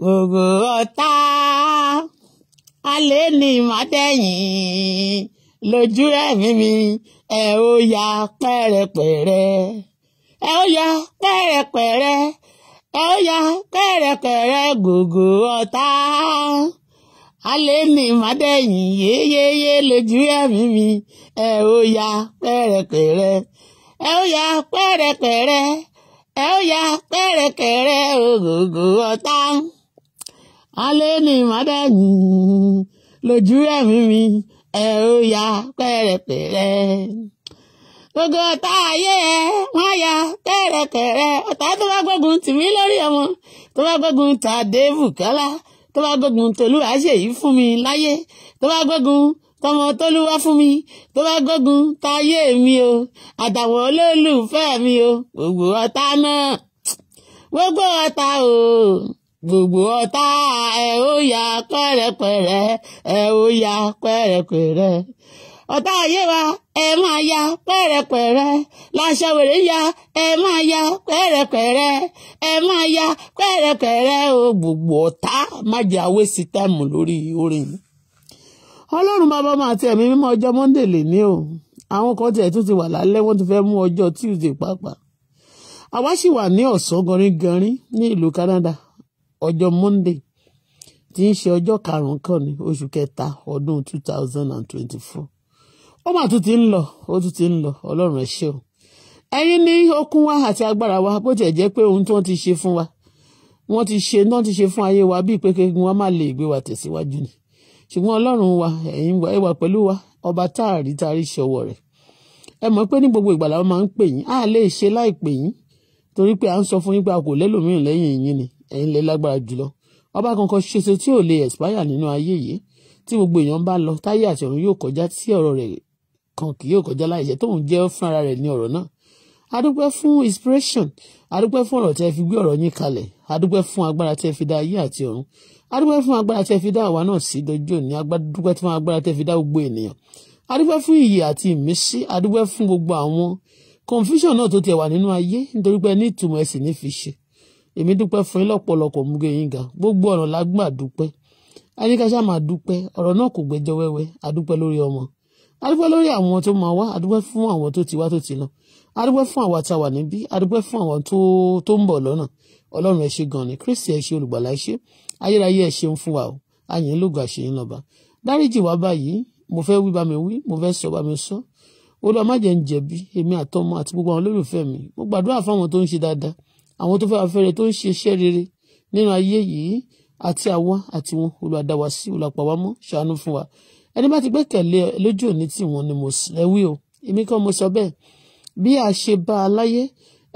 gbogbo ọ̀tá alẹ́ ní mádẹ́yìn lójú ẹ̀mí mi ẹ ó ya pẹ́rẹpẹ̀rẹ ẹ ó ya pẹ́rẹpẹ̀rẹ ẹ ó ya pẹ́rẹpẹ̀rẹ gbogbo ọ̀tá alẹ́ ní mádẹ́yìn yéyéyé lójú ẹ̀mí mi ẹ ó ya pẹ́rẹpẹ̀rẹ ẹ ó ya pẹ́rẹpẹ̀rẹ ẹ ó ya pẹ́rẹpẹ̀rẹ gbogbo ọ̀tá alẹ́ ni màdàgùn lójú ẹ̀mí mi ẹ̀ ó ya pẹ́rẹpẹ̀rẹ. gbogbo ọ̀tá ayé ẹ wọ́n ya pẹ́rẹpẹ̀rẹ ọ̀tá tó bá gbógun tìmí lórí ọmọ tó bá gbógun tàdé bùkálá tó bá gbógun tolúwa ṣèyí fún mi láyé tó bá gbógun tọmọ tólúwa fún mi tó bá gbógun táyé mi o àtàwọn olólùfẹ́ mi o gbogbo ọ̀tá náà gbogbo ọ̀tá o gbogbo ọ̀tá ẹ ó ya pẹ̀rẹ̀pẹ̀rẹ̀ ẹ ó ya pẹ̀rẹ̀pẹ̀rẹ̀ ọ̀tá ayé wa ẹ máa ya pẹ̀rẹ̀pẹ̀rẹ̀ láṣà wèrè ya ẹ máa ya pẹ̀rẹ̀pẹ̀rẹ̀ ẹ máa ya pẹ̀rẹ̀pẹ̀rẹ̀ o gbogbo ọ̀tá má jẹ́ àwé sí táìmù lórí orin mi. ọlọ́run bàbá máa ti ẹ̀mí mímọ́ ọjọ́ monday lè ní o àwọn kan tiẹ̀ tún ti wà lálẹ́ wọ́n ti fẹ́ mú ọjọ́ tuesday pàápàá àwa sì wà ní ọ̀sán gọrin ní ìlú Canada ọjọ́ monday tí ń ṣe ọjọ́ karùn-ún kan ní oṣù kẹta ọdún two thousand and twenty-four ó mà tún ti ń lọ ó tún ti ń lọ ọlọ́run ẹ ṣé o ẹ̀yin ní okun wa àti agbára wa bó tiẹ̀ jẹ́ pé ohun tí wọ́n ti ṣe fún wa wọ́n ti ṣe náà ti ṣe fún ayé wa bíi pé kéegun wa má lè gbé wa tẹ̀síwájú ni ṣùgbọ́n ọlọ́run wa ẹ̀yin wa ẹ pẹ̀lú wa ọba táàrí táàrí ṣọwọ́ rẹ̀ ẹ mọ̀ pé ní gbogbo ìgbà làwọn máa ń pè yín á lè ṣe láì pè yín torí pé à ń sọ fún yín pé a kò lẹ́lòmíràn lẹ́yìn yín ni ẹ̀yin lè lágbára jùlọ ọba kankan ṣoṣo tí ò lè expire nínú ayé yìí tí gbogbo èèyàn bá lọ táyé àti ọ̀run yóò kọjá tí ọ̀rọ̀ rẹ̀ kan kì yóò kọjá láìṣẹ́ tóun jẹ́ fúnra rẹ̀ ní ọ̀rọ̀ náà adúpẹ́ fún inspiration adúpẹ́ fún ọ̀rọ̀ tẹ́ fi gbé ọ̀rọ̀ yín kalẹ̀ adúpẹ́ fún agbára tẹ́ fi dá ayé àti ọ̀run adúpẹ́ fún agbára tẹ́ fi dá àwa náà sí dọjọ́ ní adúpẹ́ fún agbára tẹ́ fi dá gbogbo ènìyàn adúpẹ́ fún ìyè àti ìmísí adúpẹ́ fún gbogbo àwọn confusion náà tó tiẹ̀ wà nínú ayé nítorí pé ní ìtumọ̀ ẹ̀ ní fi ṣe èmi dúpẹ́ fún yín lọ́pọ̀lọpọ̀ múge yín gan gbogbo ọ̀nà la gbà dúpẹ́ aníkàṣà máa dúpẹ́ ọ̀rọ̀ náà kò gbẹjọ wẹ́wẹ́ adúpẹ́ lórí ọmọ adúpẹ́ lórí àwọn tó máa wá adúpẹ́ fún àwọn tó ti wá tó ti lọ adúpẹ́ fún àwa tá wà níbí adúpẹ́ fún àwọn tó ń bọ̀ lọ́nà ọlọ́run ẹ ṣé gan ni kristi ẹ ṣé olùgbàlà ẹ ṣé ayérayé ẹ ṣeun fún wa o àyìn lógo àṣeyìn lọ́ba dáríjì wá báyìí mo fẹ́ wí bá mi wí mo fẹ́ sọ bá mi sọ olúwa ń jẹ̀bi èmi àtọmọ àti gbogbo àwọn olólùfẹ́ mi mo gbàdúrà fáwọn tó ń ṣe dáadáa àwọn tó fẹ́ afẹ́rẹ́ tó ń ṣe iṣẹ́ rere nínú ayé yìí àti àwa àti wọn olùwàdàwà sí olùpàwámọ́ ṣàánú fún wa ẹni bá ti gbẹ́kẹ̀lé lójú òní tí wọ́n ni mo lẹ́wí o èmi kan mo sọ bẹ́ẹ̀ bí a ṣe bá a láyé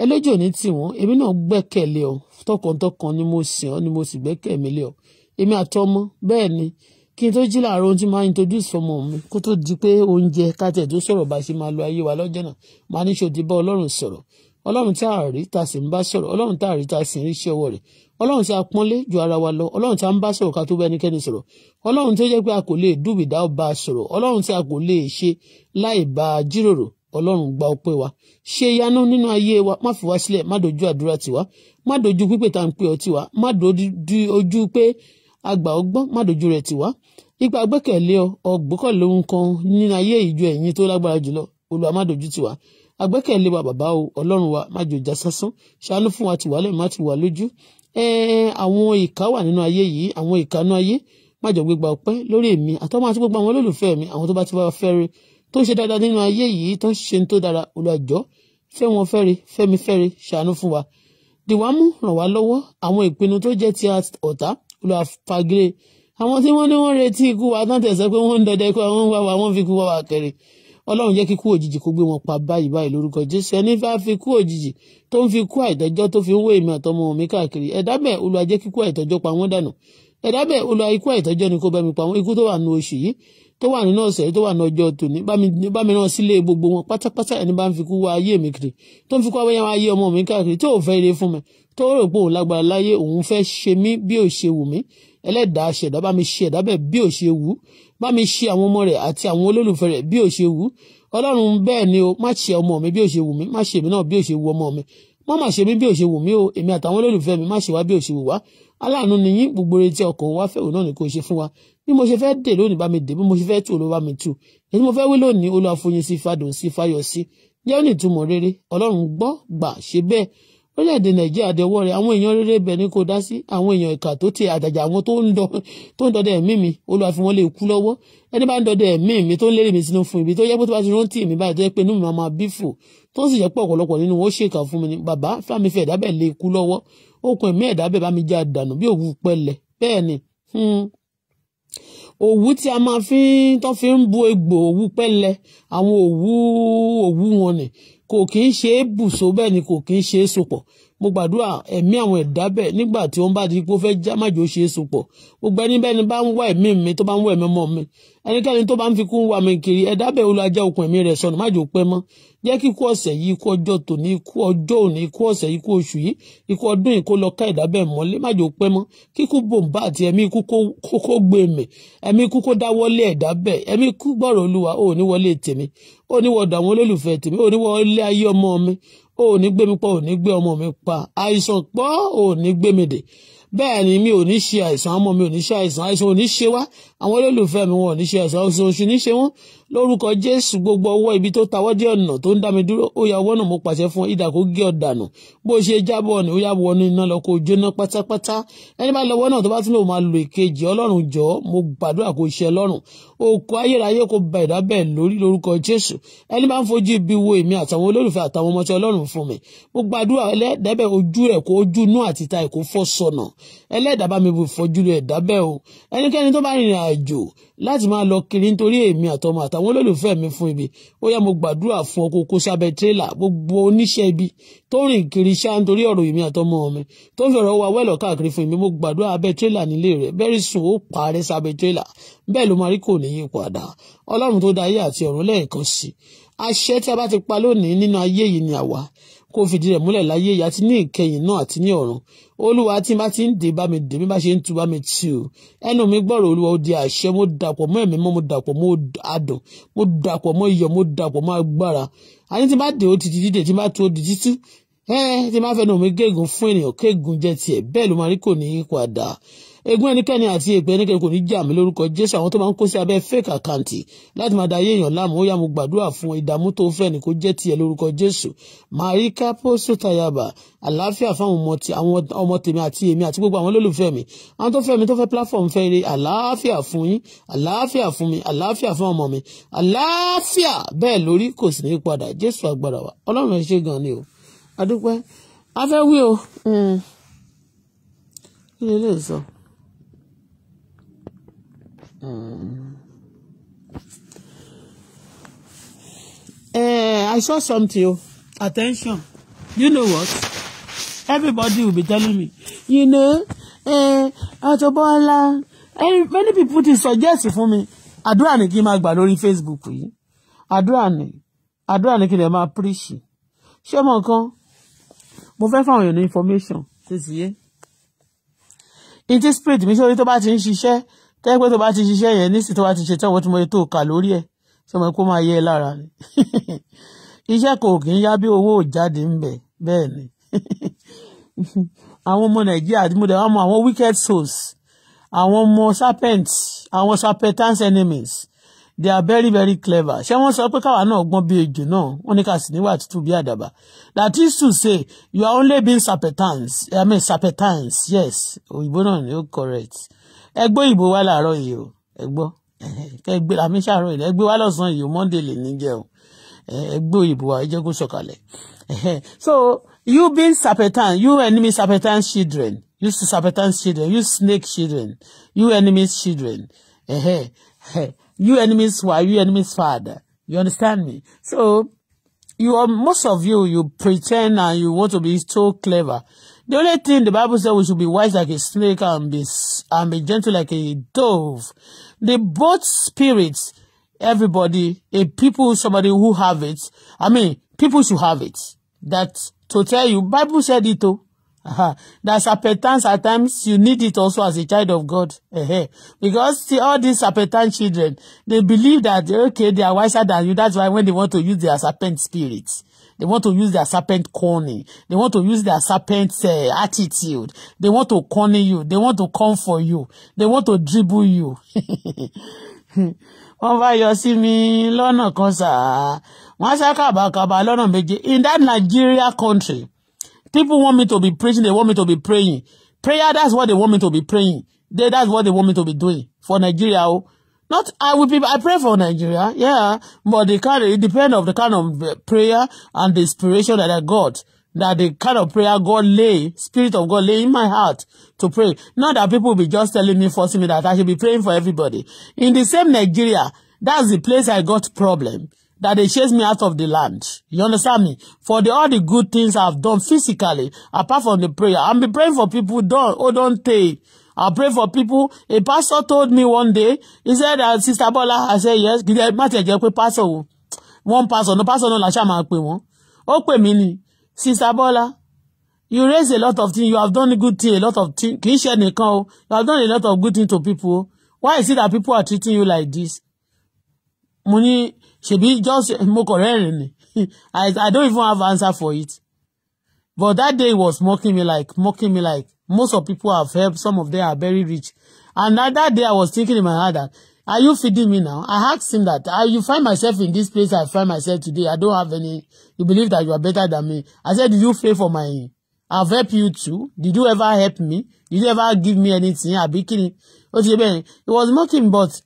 ẹlẹ́jọ́ ní tiwọn èmi náà gbẹ́kẹ̀lé ọ tọkàntọkàn ni mo sìn ọ́ ni mo sì gbẹ́kẹ̀mí lé ọ èmi àtọmọ bẹ́ẹ̀ ni kí n tó jí làárọ̀ ohun tí máa introduce fọmọ mi kó tó di pé oúnjẹ kátẹ̀ tó sọ̀rọ̀ bá ṣe máa lo ayé wa lọ́jọ́ náà máa ní ṣòdì ọlọ́run sọ̀rọ̀ ọlọ́run tí a rí ta sì ń bá sọ̀rọ̀ ọlọ́run tá a rí ta sì ń rí iṣẹ́ ọwọ́ rẹ̀ ọlọ́run tí a pọ́nlé ju ara wa lọ ọlọ́run tí a ń bá sọ̀rọ̀ ká tó bá ẹnikẹ́ni sọ̀rọ̀ ọlọ́run tó jẹ́ pé a kò lè dúbìdá bá sọ̀rọ̀ ọlọ́run tí a kò lè ṣe láì bá a jíròrò ọlọ́run gba ọpẹ́ wa ṣe ìyanu nínú ayé wa má fi wá sílẹ̀ má dojú àdúrà tiwa má dojú pípè tá à ń pè ọ tiwa má dojú ojú pé agbẹ́kẹ̀lé wa bàbá o ọlọ́run wa má jòjà sásán ṣàánú fún wa tìwálẹ̀ má ti wà lójú àwọn ìka wà nínú ayé yìí àwọn ìkanú ayé má jọ gbégbá ọpẹ́ lórí èmi àtọ́mọ àti gbogbo àwọn olólùfẹ́ mi àwọn tó bá ti bá wa fẹ́re tó ń ṣe dáadáa nínú ayé yìí tó ń ṣe tó dára olùwàjọ́ fẹ́ wọn fẹ́re fẹ́mi fẹ́re ṣàánú fún wa dìwámú ràn wá lọ́wọ́ àwọn ìpinnu tó jẹ́ ti ọ̀tá olùwàfagilé àwọn tí wọ́n ní wọ́n retí ikú wa tán tẹ̀sán pé wọ́n ń dọdẹ ikú wa wọ́n wọ́n fi ikú wa wà kẹrin ọlọ́run jẹ́ kí kú òjijì kó gbé wọn pa báyìí báyìí lórúkọ jésù ẹni fẹ́ fi kú òjijì tó ń fi kú àìtọ́jọ́ tó fi ń wé èmi àtọmọ mi káàkiri ẹ̀dá bẹ́ẹ̀ olúwa jẹ́ kí kú àìtọ́jọ́ pa wọ́n dànù ẹ̀dá bẹ́ẹ̀ olúwa ikú àìtọ́jọ́ ni kó bá mi pa wọ́n ikú tó wà nù oṣù yìí tó wà nínú ọ̀sẹ̀ tó wà ní ọjọ́ tòní bá mi sílé gbogbo wọn pátápátá ẹni bá ń fi kiri tó ń fi kú abẹ́yẹn wá ayé ọmọ mi ẹlẹ́dàá ṣẹ̀dá bá mi ṣe ẹ̀dá bẹ́ẹ̀ bí ò ṣe wù bá mi ṣe àwọn ọmọ rẹ̀ àti àwọn olólùfẹ́ rẹ̀ bí ò ṣe wù ọlọ́run bẹ́ẹ̀ ni o má ṣe ọmọ mi bí ò ṣe wù mí má ṣe èmi náà bí ò ṣe wù ọmọ mi má má ṣe mí bí ò ṣe wù mí o èmi àtàwọn olólùfẹ́ mi má ṣe wá bí ò ṣe wù wá aláàánú ni yín gbogbo rẹ̀ tí ọkàn wa fẹ́ òun náà ni kò ṣe fún wa bí mo ṣe fẹ́ dè lónìí bá mi orílẹ̀-èdè nàìjíríà dẹwọ́ rẹ̀ àwọn èèyàn rere bẹ̀ ni kò dá sí àwọn èèyàn ìkà tó ti àjàjà àwọn tó ń dọdẹ ẹ̀mí mi olúwa fi wọ́n lè kú lọ́wọ́ ẹni bá ń dọdẹ ẹ̀mí mi tó ń lérè mi sínú fún ibi tó yẹ pé tó bá ti rántí mi báyìí tó yẹ pé inú mi máa máa bí fò tó sì yẹ pé ọ̀pọ̀lọpọ̀ nínú wọn ó ṣèkà fún mi ni bàbá fámi fẹ́ ẹ̀dá bẹ́ẹ̀ lè kú lọ́wọ́ okùn ẹ̀mí ẹ̀dá bẹ́ẹ̀ bá mi já dànù bí òwú pẹlẹ̀ bẹ́ẹ̀ ni hmm. òwú tí a máa fi tán fi ń bu egbò òwú pẹlẹ àwọn òwú òwú wọn ni kò kí ń ṣe é bù so bẹ́ẹ̀ ni kò kí ń ṣe é sopọ̀ mo gbàdúrà ẹ̀mí àwọn ẹ̀dá bẹ́ẹ̀ nígbà tí wọ́n bá di pé ó fẹ́ já májò ṣe é sopọ̀ gbogbo ẹni bẹ́ẹ̀ ni bá ń wá ẹ̀mí mi tó bá ń wá ẹ̀mí ọmọ mi ẹnikẹ́ni tó bá ń fi kún wá mi kiri ẹ̀dá bẹ́ẹ̀ olùwàjá okùn ẹ̀mí rẹ̀ sọnù májò pẹ́ mọ́ jẹ́ kí ikú ọ̀sẹ̀ yìí ikú ọjọ́ tòní ikú ọjọ́ òní ikú ọ̀sẹ̀ ikú oṣù yìí ikú ọdún yìí kó lọ ká ẹ̀dá bẹ́ẹ̀ mọ́lé májò pẹ́ mọ́ kíkú bòǹbà àti ẹ̀mí ikú kó gbé mi ẹ̀mí ikú kó ẹ̀dá bẹ́ẹ̀ ẹ̀mí ikú gbọ́rọ̀ olúwa ò ní wọlé tèmi ò ní wọ̀dọ̀ àwọn olólùfẹ́ tèmi ò ní wọlé ayé ọmọ mi ò ní gbé mi pa ò ní gbé ọmọ mi pa àìsàn pọ̀ ò ní gbé mi dè bẹ́ẹ̀ ni mi ò ní ṣe àìsàn ọmọ mi ò ní ṣe àìsàn àìsàn ò ní ṣe wá àwọn olólùfẹ́ mi wọn ò ní ṣe ẹ̀sán oṣù oṣù níṣe wọn lórúkọ jésù gbogbo ọwọ́ ibi tó tawọ́ dé ọ̀nà tó ń dá mi dúró ó ya ọwọ́ náà mo pàṣẹ fún ìdà kó gé ọ dànù bó ṣe jábọ̀ ọ̀nà ó yà wọnú iná lọ kó jóná pátápátá ẹni bá lọ́wọ́ náà tó bá tún lò máa lo èkejì ọlọ́run jọ mo gbàdúrà kó ṣe ọlọ́run òkú ayérayé kó ba ìdá bẹ́ẹ̀ lórí lórúkọ jésù ẹni bá ń fojú ibi wo èmi àtàwọn olólùfẹ́ àtàwọn ọmọ tí ọlọ́run fún mi mo gbàdúrà ẹlẹ́dàbẹ̀ ojú rẹ̀ kó ojú inú àti ta ẹ̀kọ́ fọ́ sọnà ẹlẹ́dàbà mi bò fọjú rẹ̀ dábẹ́ o ẹnikẹ́ni tó bá rìnrìn àjò láti máa lọ kiri nítorí èmi àtọmọ àtàwọn olólùfẹ́ mi fún ibi ó yá mo gbàdúrà fún ọkọ kó sábẹ́ tírélà gbogbo oníṣẹ́ ibi tó rìn kiri ṣá nítorí ọ̀rọ̀ èmi àtọmọ mi tó ń fẹ̀rọ̀ wá wẹ́lọ̀ káàkiri fún mi mo gbàdúrà abẹ́ tírélà nílé rẹ̀ bẹ́rí sùn ó parẹ́ sábẹ́ tírélà bẹ́ẹ̀ ló máa rí kò ní yí padà ọlọ́run tó dá ayé àti ọ̀run lẹ́ẹ̀kan sí àṣẹ tí a bá ti pa lónìí nínú ayé yìí ni àwa kó fìdí rẹ̀ múlẹ̀ láyé yìí àti ní ìkẹyìn náà àti ní ọ̀run olúwa tí n bá ti ń dè bá mi dè bí n bá ṣe ń tu bá mi tì o ẹnu mi gbọ́rọ̀ olúwa ó di àṣẹ mo dàpọ̀ mọ́ ẹ̀mí mọ́ mo dàpọ̀ mọ́ adùn mo dàpọ̀ mọ́ iyọ̀ mo dàpọ̀ mọ́ agbára àní tí n bá dè ó ti dídè tí n tu ó di títí ẹ tí n bá fẹnu mi gégùn fún ènìyàn kégùn jẹ tiẹ̀ bẹ́ẹ̀ ló máa rí kò ní í padà ègún ẹnikẹ́ni àti èpè ẹnikẹ́ni kò ní jà mí lórúkọ jésù àwọn tó máa ń kó sí abẹ́ fake àkáǹtì láti máa da ayé èèyàn láàmú ó yá mo gbàdúrà fún ìdààmú tó fẹ́ ni kó jẹ́ tiẹ̀ lórúkọ jésù marika posto àlàáfíà fáwọn ọmọ tèmi àti èmi àti gbogbo àwọn olólùfẹ́ mi àwọn tó fẹ́ mi tó fẹ́ platform fẹ́ rí àlàáfíà fún yín àlàáfíà fún mi àlàáfíà fún ọmọ mi àlàáfíà bẹ́ẹ̀ lórí kò sì ní padà jésù agbára wa ọlọ́run ẹ ṣé gan ni o adúpẹ́ afẹ́ o hmm. kí lè lè sọ uh, I saw something. Oh. Attention. You know what? Everybody will be telling me. You know, uh, Auto eh, Many people dey suggest for me. Àdúrà ni kí n máa Facebook yìí. Àdúrà ni. Àdúrà ni kí n lè máa preach. Ṣé information. Ṣé ti yé? Ìtí spirit mi ṣe orí tó bá ti ń ṣiṣẹ́ tẹ́ pé tó bá ti ṣiṣẹ́ yẹn nísì tó bá ti ṣe tán wọ́n ti mọ ètò kà lórí ẹ̀ tí wọ́n kó máa yẹ ẹ lára ni iṣẹ́ kò kì í yá bí owó ò jáde ń bẹ̀ bẹ́ẹ̀ ni àwọn ọmọ nàìjíríà àti mọ̀dẹ̀ wọn mọ àwọn wicked souls àwọn ọmọ serpent àwọn serpentance enemies they are very very clever ṣé wọ́n sọ pé káwa náà gbọ́n bí ejò náà wọ́n ní ká sì níwà tútù bí àdàbà that is to say you are only being serpentines i mean serpentines yes òyìnbó náà ni ó correct ẹgbẹ́ òyìnbó wà láàárọ̀ yìí o ẹgbọ́ kẹgbẹ́ àmì sàárọ̀ yìí ẹgbẹ́ wa lọ́sàn-án yìí o monday lè ní jẹ́ o ẹgbẹ́ òyìnbó wà jẹ́ kó sọ̀kalẹ̀ so you being serpentine you enemy serpentine children you serpentine children you snake children you enemy children you enemies wife you enemies father you understand me so you are most of you you pretend and you want to be so clever The only thing the Bible says we should be wise like a snake and be and be gentle like a dove. The both spirits, everybody, a people, somebody who have it. I mean, people should have it. That to tell you, Bible said it too. Uh-huh. That serpentance at times you need it also as a child of God. Uh-huh. Because see, all these serpentant children, they believe that okay, they are wiser than you. That's why when they want to use their serpent spirits They want to use their serpent corny. They want to use their serpent uh, attitude. They want to corner you. They want to come for you. They want to dribble you. wọ́n bá yọ sí mi lọ́nà kan sáà wọ́n ṣá kàbàkàbà lọ́nà méje in that Nigeria country people want me to be preaching they want me to be praying prayer that's what they want me to be praying they that's what they want me to be doing for Nigeria Oh. Not I will be. I pray for Nigeria, yeah, but the kind of, it depends on the kind of uh, prayer and the inspiration that I got. That the kind of prayer God lay, Spirit of God lay in my heart to pray. Not that people will be just telling me, forcing me that I should be praying for everybody. In the same Nigeria, that's the place I got problem. That they chase me out of the land. You understand me? For the, all the good things I've done physically, apart from the prayer, I'm be praying for people. Don't, oh, don't take. I pray for people. A pastor told me one day, he said, uh, Sister Bola, I said, yes. Gide Mate jẹ́ pé pastor One pastor, no pastor náà la ṣá máa pè wọ́n. Ó pè mí Sister Bola, you raise a lot of things. You have done good thing, a lot of things. Can you share nìkan call? You have done a lot of good things to people Why is it that people are treating you like this? Money should be just more kọ̀ I, I don't even have answer for it. But that day was mocking me like, mocking me like, Most of people have helped. Some of them are very rich. And at that day, I was thinking in my heart that, are you feeding me now? I asked him that, are you find myself in this place I find myself today? I don't have any, you believe that you are better than me. I said, did you pay for my, I've helped you too. Did you ever help me? Did you ever give me anything? I'll be kidding. Ó ti bẹ́ẹ̀ he was mocking but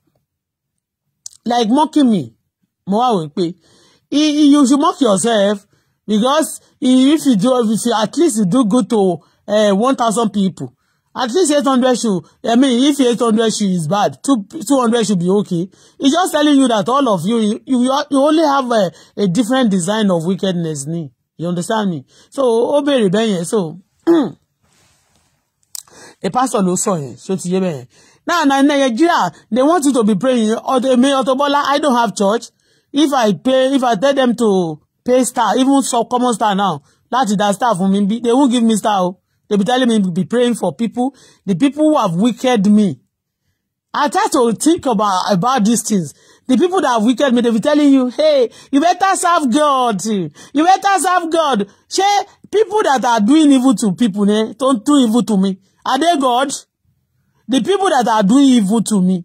like mocking me. Mo I will pay. you should mock yourself because if you do if you at least you do good to uh, eh, 1,000 people. At least 800 should, I mean, if 800 should is bad, 200 should be okay. It's just telling you that all of you, you, you, only have a, a different design of wickedness. Ni. You understand me? So, ó bèrè So, a pastor ló sọ yẹn, ṣó ti yé bẹ́ẹ̀ Now, now, in Nigeria, they want you to be praying. or they may. Auto Bola, I don't have church. If I pay, if I tell them to pay star, even sub common star now, That's that star fún me. they won't give me star o. They be telling me be praying for people. The people who have wicked me. I try to think about, about these things. The people that have wicked me, they be telling you, hey, you better serve God. You better serve God. Say, people that are doing evil to people, eh, don't do evil to me. Are they God? The people that are doing evil to me,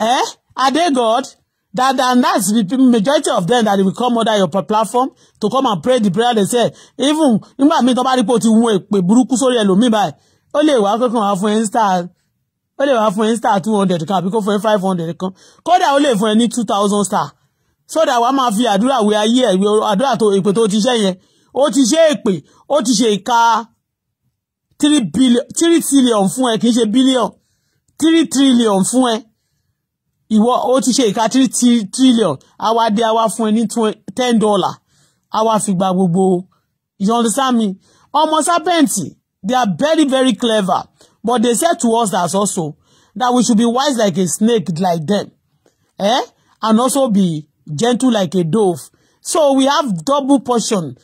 eh? Are they God? that and that's the majority of them that will come under your platform to come and pray the prayer they say even nígbà míì tó bá rí pé o ti hun èpè burúkú sórí ẹlòmíì báyìí ó lè wá kankan wá fún ẹ star ó lè wá fún ẹ star two hundred kan àbí kó fún ẹ five hundred kan kódà ó lè fún ẹ two thousand star so that we are here we are ayé ẹ àdúrà tó èpè tó ti ṣe yẹn ó ti ṣe èpè ó ti ṣe ìka three billion three trillion fún ẹ kì í billion three trillion fún ẹ ìwọ ó ti ṣe ìka three trillion àwa dé àwa fún ẹ ní ten dollar àwa fi gba gbogbo you understand me ọmọ sápẹ́ǹtì they are very very clever but they said to us that also that we should be wise like a snake like them eh? and also be gentle like a dove so we have double portion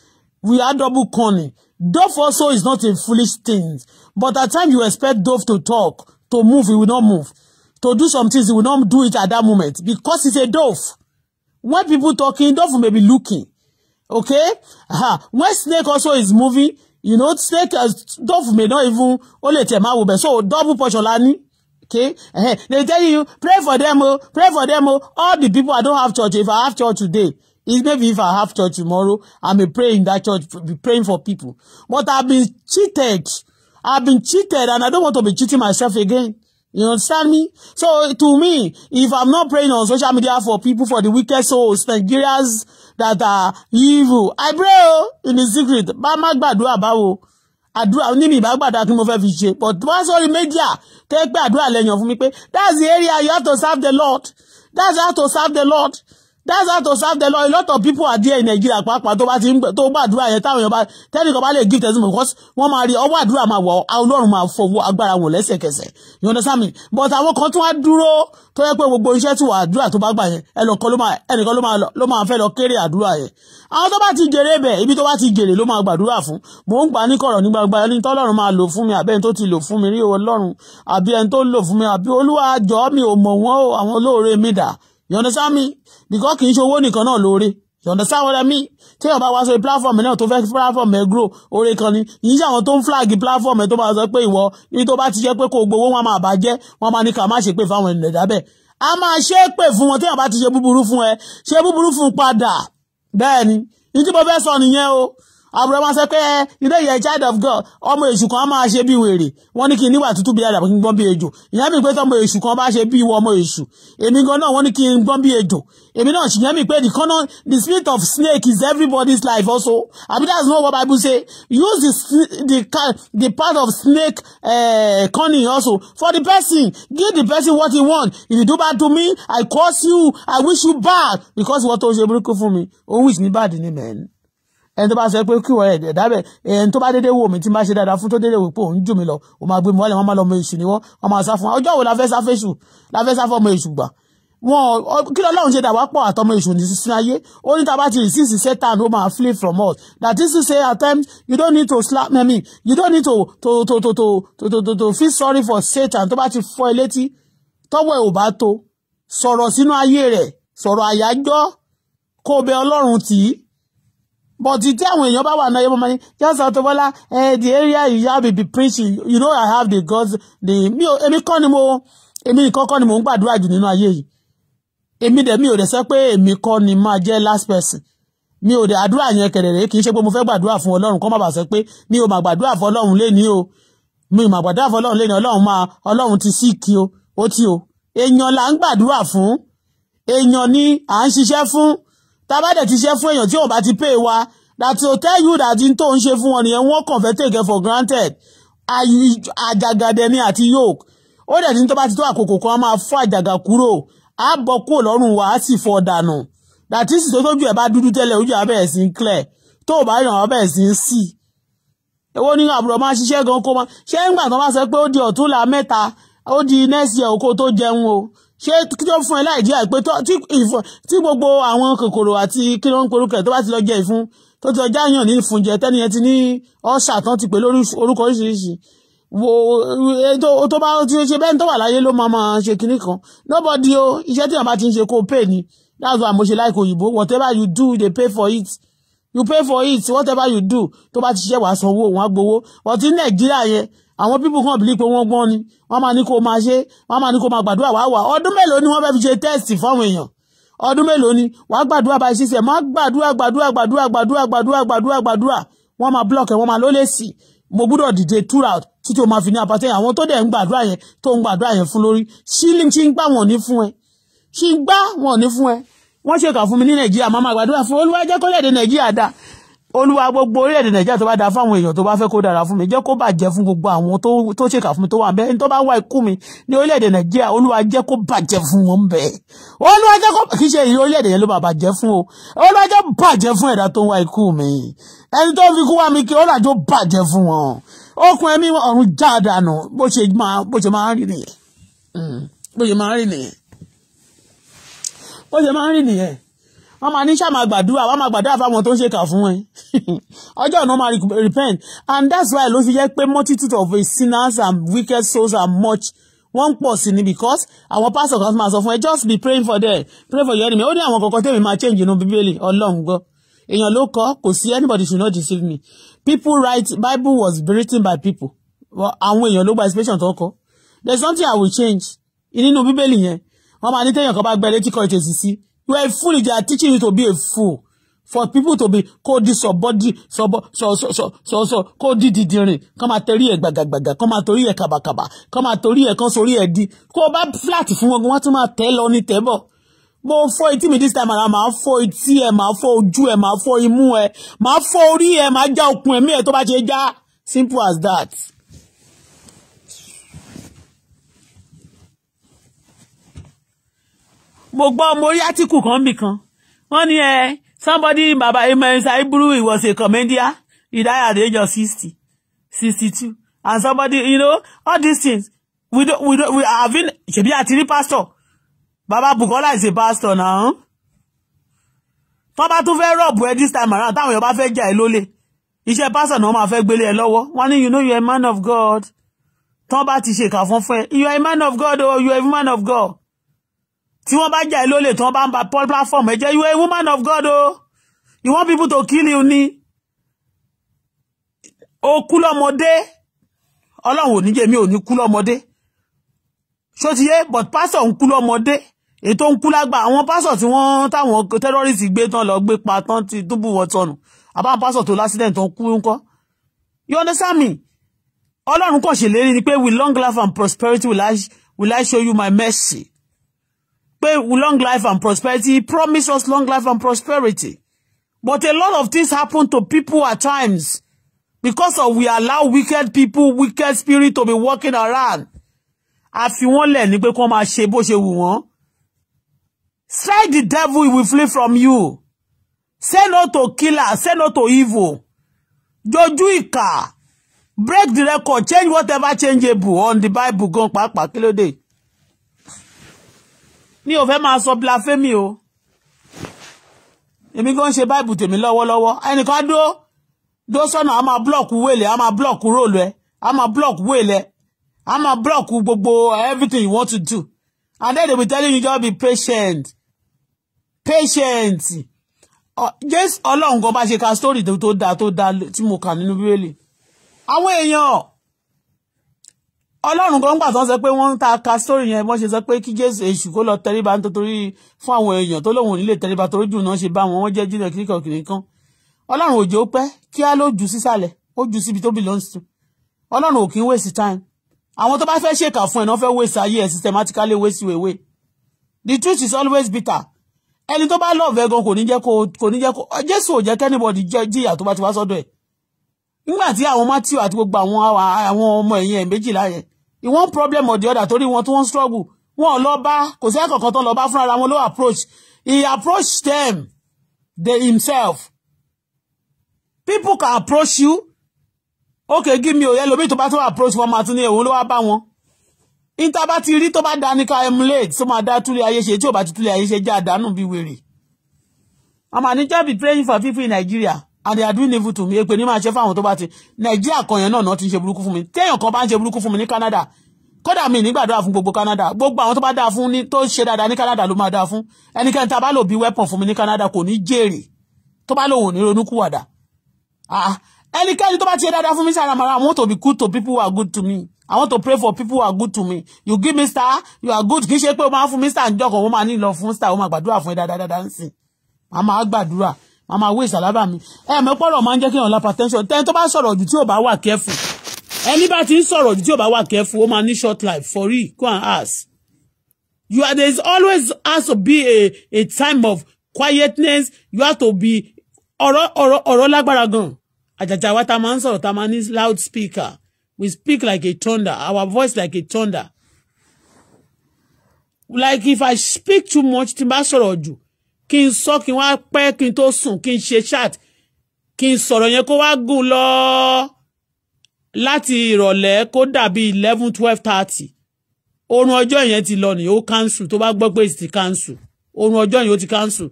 we are double cunning dove also is not a foolish thing but at times you expect dove to talk to move he will not move to do some things, he will not do it at that moment because he's a dove. When people talking, dove may be looking. Okay? Uh-huh. When snake also is moving, you know, snake, uh, dove may not even, only tema will be. So, double portion lani. Okay? Uh-huh. They tell you, pray for them, oh, pray for them, oh. All the people, I don't have church. If I have church today, it's maybe if I have church tomorrow, I may pray in that church, be praying for people. But I've been cheated. I've been cheated and I don't want to be cheating myself again. You understand me? So to me, if I'm not praying on social media for people, for the wicked souls, Nigerians that are evil, I pray oh, in the secret. Bá má gbàdúrà báwo. But wá sórí media take pé àdúrà lẹ́yìn fún mi pé that's the area you have to serve the Lord. That's how to serve the Lord that's how to serve the lord a lot of people are there in Nigeria pàápàá tó bá ti ń tó bá àdúrà yẹn táwọn èèyàn bá tẹ́nìkan bá lè give testimony because wọ́n máa rí ọwọ́ àdúrà máa wọ̀ ọlọ́run máa fọwọ́ agbára wọn lẹ́sẹ̀kẹsẹ̀ you understand me but àwọn kan tún á dúró To yẹ pé gbogbo iṣẹ́ tí wà àdúrà tó bá gbà yẹn ẹnìkan ló máa fẹ́ lọ kéré àdúrà yẹn àwọn tó bá ti jèrè bẹ̀ ibi tó bá ti jèrè ló máa gbàdúrà fún mò ń gbà ní kọ̀rọ̀ ní gbangba ẹni tọ́lọ́run máa lò fún mi àbí ẹni tó ti lò fún mi rí ọlọ́run àbí ẹni tó lò fún mi àbí olúwa jọ̀ọ́ mi ò mọ̀ wọ́n àwọn olóore mi dà you understand me because kì í ṣe owó nìkan náà lóore you understand what I mean téèyàn bá wá sórí platform náà tó fẹ́ platform ẹ̀ grow oore kan ni yìí ṣe àwọn tó ń flag platform ẹ̀ tó máa sọ pé ìwọ ní tó bá ti jẹ́ pé kò gbowó wọn máa bà jẹ́ wọn máa ní ká má ṣe pé fáwọn ènìyàn dábẹ́ a máa ṣe é pè fún wọn téèyàn bá ti ṣe búburú fún ẹ ṣe búburú fún padà bẹ́ẹ̀ ni ní tí mo fẹ́ sọ nìyẹn o àbúrò máa sọ pé ilé ìyẹn child of God ọmọ èṣù kan máa ṣe bí wèrè wọ́n ní kí n níwà tútù bí àdàbọ̀ kí n gbọ́n bí ejò ìyá mi pé tọmọ èṣù kan bá ṣe bí ìwọ ọmọ èṣù èmi gan náà wọ́n ní kí n gbọ́n bí ejò èmi náà ṣìyẹn mi pé the corner the spirit of snake is everybody's life also abi that's not what Bible say use the the the part of snake uh, cunning also for the person give the person what he want if you do bad to me I curse you I wish you bad because what tó ṣe burúkú fún mi òun wish me bad ni mẹ́rin ẹni tó bá sọ pé kí wọ́n ẹ̀dá bẹ̀ ẹni tó bá dédé wò mí tí n ṣe dáadáa fún tó dédé wò pé òun jù mí lọ òun máa gbé mi wálé wọn máa lọ ọmọ èṣù ni wọ́n wọ́n máa sá fún wa ọjọ́ wo la fẹ́ sá fẹ́ṣù la fẹ́ sá fún ọmọ èṣù gbà wọn kí lọ́lọ́run ṣe dàwá pọ̀ àtọmọ èṣù ní sísun ayé ó ní tàbá ti resist Satan ó máa flee from us that is to say at times you don't need to slap me you don't need to to to to to to to to to feel sorry for Satan tó bá ti fọ́ ẹ létí tọ́wọ́ ẹ ò bá tó sọ̀rọ̀ sínú ayé rẹ̀ sọ̀rọ̀ àyájọ́ kó bẹ Ọlọ́run tì í but the àwọn when bá wà na yẹ́n mo just out of Auto eh the area you have be preaching you know I have the gods, the mi o emi kọ́ ni mo èmi nìkan kọ́ ni mo ń gbàdúrà jù nínú ayé yìí èmi dẹ̀ mi o de sẹ́ pé èmi kọ́ ni máa jẹ́ last person mi o de àdúrà yẹn kẹ̀rẹ̀rẹ̀ kì í ṣe pé mo fẹ́ gbàdúrà fún Ọlọ́run kó má bàa sọ pé mi ò mà gbàdúrà fún Ọlọ́run ni o mi ò mà gbàdúrà fún Ọlọ́run léni Ọlọ́run ma Ọlọ́run ti síkì o ó ti o èèyàn là ń gbàdúrà fún èèyàn ni à ń ṣiṣẹ́ fún tá a bá dẹ̀ ti ṣe fún èèyàn tí òun bá ti pay wa that will tell you that n tó ń ṣe fún wọn nìyẹn wọ́n kàn fẹ́ take it for granted àjàgàdẹ ni àti yoke ó dẹ̀ ti ń tó bá ti tó àkókò kan máa fọ́ àjàgà kúrò á bọ́ kúrò lọ́rùn wa á sì fọ́ dànù dàtí sì tó tójú ẹ̀ bá dúdú tẹ́lẹ̀ ojú ẹ̀ bẹ̀rẹ̀ sí ń clear tó o bá rìn àwọn bẹ̀rẹ̀ sí ń sì èwo ni àbúrò máa ṣiṣẹ́ gan kó máa ṣé ńgbà tó máa sọ pé ó di ọ̀túnla mẹ́ta ó di next year kó tó jẹun o ṣé kí fún ẹ láì jẹ́ àìpé tí gbogbo àwọn kòkòrò àti kí ló ń porúkọ ẹ̀ tó bá ti lọ jẹ ìfun tó ti lọ jáyàn ní ìfúnjẹ tẹ́ni yẹn ti ní ọ̀ṣà tán ti pè lórí orúkọ oríṣiríṣi wo tó bá ti ṣe bẹ́ẹ̀ tó wà láyé ló máa máa ṣe kinní kan nobody o iṣẹ́ tí wọ́n bá ti ń ṣe kó pay ni that's why mo ṣe like òyìnbó whatever you do you dey pay for it you pay for it whatever you do tó bá ti ṣiṣẹ́ wàá sanwó wàá gbowó ọtí Nàìjíríà yẹn àwọn pípù kan bìlí pé wọ́n gbọ́n ni wọ́n máa ní kó máa ṣe wọ́n máa ní kó máa gbàdúrà wá wà ọdún mélòó ni wọ́n fẹ́ fi ṣe tẹ́ẹ̀sì fáwọn èèyàn ọdún mélòó ni wàá gbàdúrà bá ṣe ṣe má gbàdúrà gbàdúrà gbàdúrà gbàdúrà gbàdúrà gbàdúrà gbàdúrà wọ́n máa blọọkì wọ́n máa ló lè sí mo gbúdọ̀ dìde túra títí o máa fi ní apàtẹ àwọn tó dẹ̀ ń gbàdúrà yẹn tó ń gbàdúrà yẹn fún lórí ṣí ń gbà wọ́n ní fún ẹ ṣí ń gbà wọ́n ní fún ẹ wọ́n ṣèkà fún mi ní nàìjíríà máa gbàdúrà fún olúwa jẹ́ kọ́lẹ̀ èdè nàìjíríà dáa olúwa gbogbo orílẹ̀-èdè nàìjíríà tó bá da fáwọn èèyàn tó bá fẹ́ kó dára fún mi jẹ́ kó bàjẹ́ fún gbogbo àwọn tó ṣèkà fún mi tó wà bẹ́ẹ̀ tó bá wá ikú mi ní orílẹ̀-èdè nàìjíríà olúwa jẹ́ kó bàjẹ́ fún wọn bẹ́ẹ̀ olúwa jẹ́ kó kì í ṣe orílẹ̀-èdè yẹn ló máa bàjẹ́ fún o olúwa jẹ́ bàjẹ́ fún ẹ̀dá tó ń ikú mi ẹni tó fi kú wá mi kí ọ̀làjò bàjẹ́ fún wọn okùn ẹ̀mí ọ̀run já dànù bó ṣe máa ń rìn hmm. nìyẹn bó ṣe máa rìn nìyẹn wọ́n máa ní ṣáà máa gbàdúrà wọ́n máa gbàdúrà fáwọn tó ń ṣèkà fún ẹ ọjọ́ ọ̀nà máa repent and that's why ló fi jẹ́ pé multitude of sinners and wicked souls are much wọ́n ń pọ̀ sí ni because àwọn pastor kan máa sọ fún ẹ just be praying for there. pray for your enemy ó ní àwọn kankan tẹ̀mí máa change inú bíbélì ọlọ́run gbọ́ èèyàn ló kọ́ kò sí anybody should not deceive me people write bible was written by people àwọn èèyàn ló gba inspiration tó kọ́ there is something i will change nínú bíbélì yẹn wọ́n máa ní téèyàn kan bá gbẹ létí kọ́ ètò ìsìn You are a fool if they are teaching you to be a fool. For people to be kó di sọ̀bọ́dì so so so so kán máa torí ẹ̀ gbàgàgbàgà kán máa torí ẹ̀ kàbàkàbà kán máa torí ẹ̀ kán sórí ẹ̀ di kó o flat fún wọn wọ́n tún máa tẹ̀ lọ ní tẹ́bọ̀ mo fọ́ etí mi this time around màá fọ́ etí ẹ̀ màá fọ́ ojú ẹ̀ màá fọ́ imú ẹ̀ màá fọ́ orí ẹ̀ màá já okùn ẹ̀mí ẹ̀ tó bá ṣe já simple as that. mo gbọ́ mo rí átíkù kan bì kan wọ́n ní ẹ eh, somebody baba emerita iburu was a comedian he died at the age of sixty sixty two and somebody you know all these things we don't we don't we have been ṣebí àti rí pastor baba Bukola is a pastor now tó bá tún fẹ́ rọ̀bù ẹ this time around táwọn èèyàn bá fẹ́ jà ẹ lólè iṣẹ́ pásọ̀ náà máa fẹ́ gbélé ẹ lọ́wọ́ wọ́n ní you know you are a man of God tó bá ti ṣèkà fún fún ẹ you are a man of God o oh, you are a man of God tí wọ́n bá jà ẹ́ lólè tí wọ́n bá ń ba paul platform ẹ jẹ́ you are a woman of God o oh. you want people to kill you ni o kú lọ́mọdé ọlọ́run ò ní jẹ́ mi ò ní kú lọ́mọdé ṣó ti yé but pastor ń kú lọ́mọdé ètò ń kú lágbà àwọn pásọ̀ tí wọ́n táwọn tẹ́rọ́rìsì gbé tán lọ gbé pa tán ti túbù wọn tọnù àbáwọn pásọ̀ tó lásìdẹ̀ǹt tó ń kú ńkọ́ you understand me ọlọ́run kàn ṣèlérí ni pé with long life and prosperity will I, will I show you my mercy pé long life and prosperity he promised us long life and prosperity but a lot of things happen to people at times because of we allow wicked people wicked spirit to be walking around a you want learn, you pé kó máa ṣe bó ṣe wù the devil he will flee from you say no to killer say no to evil jojú ìkà break the record change whatever changeable on the bible Go back back ló dé mi ò fẹ́ máa sọ blasphemy o èmi kò ń ṣe báìbù tèmi lọ́wọ́lọ́wọ́ ẹnìkan dúró dúró sọ́nà a máa blọ́ọ̀kù wèlé a máa blọ́ọ̀kù róòlù ẹ a máa blọ́ọ̀kù wèlé a máa blọ́ọ̀kù gbogbo everything you want to do and then they be telling you just be patient patient jésù ọlọ́run kan bá ṣe ka story tó dáa tó dáa tí mo kà nínú bíbélì àwọn èèyàn ọlọ́run kan gbà tán sọ pé wọ́n ń ta ka sórí yẹn bọ́n ṣe sọ pé kí jésù èṣù kó lọ tẹríba nítorí fún àwọn èèyàn tó lóun nílé tẹríba torí jù náà ṣe bá wọn wọ́n jẹ́ jìnnà kíríkan kíríkan ọlọ́run òjò pẹ́ kí á ló jù sísàlẹ̀ ó jù síbi tó belongs to ọlọ́run ò kí ń waste time àwọn tó bá fẹ́ ṣèkà fún ẹ̀ náà fẹ́ waste ayé ẹ̀ systematically waste your the truth is always bitter ẹni tó bá lọ́ọ̀fẹ́ gan kò ní jẹ́ kò ní jẹ́ kó jésù ò jẹ́ kẹ́nìbọ̀dì jìyà tó bá ti wá sọ́dọ̀ ẹ̀ nígbà tí àwọn matthew àti gbogbo àwọn ọmọ ẹ̀yìn ẹ̀ méjìlá yẹn the one problem or the other torí wọn tí wọ́n struggle wọn lọ bá kò sí ẹ̀kọ̀kan tán lọ bá fúnra wọn ló approach he approach them they himself people can approach you okay give me oye lomi tó bá tó approach wọn máa tún ní òun ló wá bá wọn níta bá ti rí tó bá dání ká emulate tó máa dá túlẹ̀ ayé ṣe tí ò bá ti túlẹ̀ ayé ṣe já àdánù bí wèrè àmà ní just be praying for people in Nigeria and they are doing evil to me èpè ní máa ṣe fáwọn tó bá ti nàìjíríà kan yẹn náà náà ti ń ṣe burúkú fún mi téèyàn kan bá ń ṣe burúkú fún mi ní Canada kódà mi nígbàdúrà fun gbogbo Canada gbogbo àwọn tó bá dáa fun ní tó ṣe dáadáa ní Canada ló máa dáa fún ẹnikẹ́ni tá a bá lò bí weapon fún mi ní Canada to kò ní jèrè tó bá lòun ní ronúkúwàdà ah, ẹnikẹ́ni tó bá ti ṣe dáadáa fún mi sára mara I want to be good to people who are good to me I want to pray for people who are good to me you give me star you are good kì í ṣe pé o máa fún mi star ǹjọ́ kan o máa ní lọ fún star o máa gbàdúrà fún ẹ dáadáa dáadáa ń sìn màá màá máa wé ìsàlábà mi ẹ mọ̀ pọ̀rọ̀ máa ń jẹ́ kí èèyàn lápá tẹ́ńṣọ̀n tẹ́ni tó bá sọ̀rọ̀ jù tí ò bá wà kẹ́fù ẹni bá ti ń sọ̀rọ̀ jù tí ò bá wà kẹ́fù ó máa ní short life for real go and ask you are there is always has to be a a time of quietness you have to be ọ̀rọ̀ ọ̀rọ̀ ọ̀rọ̀ lágbára gan àjàjà wa ta máa ń sọ̀rọ̀ ta máa ní loud speaker we speak like a thunder our voice like a thunder like if I speak too much tí n bá sọ̀rọ̀ jù kí n sọ kí n wá pẹ́ kí n tó sùn kí n ṣe chat kí n sọ̀rọ̀ yẹn kó wá gùn lọ láti ìrọ̀lẹ́ kó dàbí eleven twelve thirty oorun ọjọ́ yẹn ti lọ nìyó cancel tó bá gbọ́ pé ti cancel oorun ọjọ́ yẹn ó ti cancel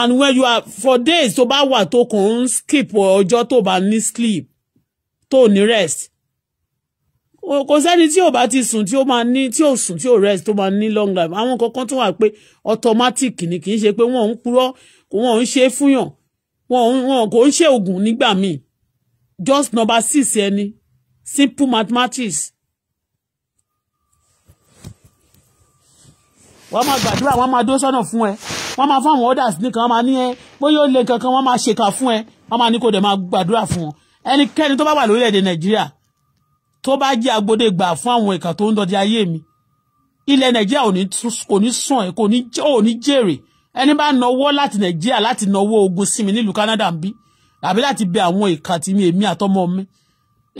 and when you are for days tó bá wà tó kàn ń skip ọjọ́ tó bá ní sleep tó ní rest kò sẹ́ni tí ò bá ti sùn tí ó máa ní tí ò sùn tí ò rest tó máa ní long life àwọn kankan tó wà pé automatic ni kì í ṣe pé wọ́n ń purọ́ wọ́n ń ṣe fúnyàn wọ́n kò ń ṣe oògùn nígbà míì just number six ẹni simple mathematics. wọ́n máa gbàdúrà wọ́n máa dó sọ́nà fún ẹ wọ́n máa fáwọn orders nìkan wọ́n máa ní ẹ bóyá ó lè kankan wọ́n máa ṣèkà fún ẹ wọ́n máa ní kó dẹ̀ máa gbàdúrà fún ọ ẹnikẹ́ni tó bá wà lórílẹ̀‐èdè nàìjíríà tó bá jẹ́ agbóde gbà fún àwọn ìkà tó ń dọdẹ ayé mi ilẹ̀ nàìjíríà kò ní sàn ẹ̀ kò ní jèrè ẹni bá nawọ́ láti nàìjíríà láti nawọ́ ogun sí mi nílùú Canada ń bí àbí láti bẹ àwọn ìkà tí mi èmi àtọmọ mi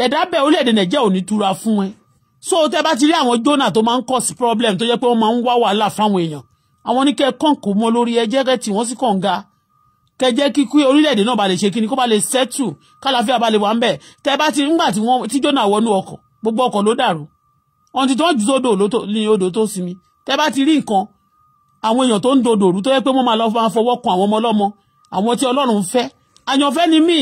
ẹ̀dá bẹ́ẹ̀ orílẹ̀-èdè nàìjíríà ò ní túra fún ẹ so tẹ́ bá ti rí àwọn jóná tó máa ń cause problem tó jẹ́ pé wọ́n máa ń wá wàhálà fáwọn èèyàn àwọn oníkẹ́ kọ̀ǹkò mọ́ lórí ẹjẹ́ kẹ́ tí wọ́n sì kàn ga kẹ jẹ́ kí kú orílẹ̀-èdè náà ba lè ṣe kíni kó ba lè settle kálàfíà ba lè wà ń bẹ̀ tẹ bá ti ńgbà tí wọ́n tí jóná wọnú ọkọ̀ gbogbo ọkọ̀ ló dàrú ohun tí tó jù sódò ní odò tó sinmi tẹ bá ti rí nǹkan àwọn èèyàn tó ń dodò rú tó yẹ pé wọ́n máa lọ máa fọwọ́ kan àwọn ọmọ ọlọ́mọ àwọn tí ọlọ́run fẹ́ àyànfẹ́ ni mí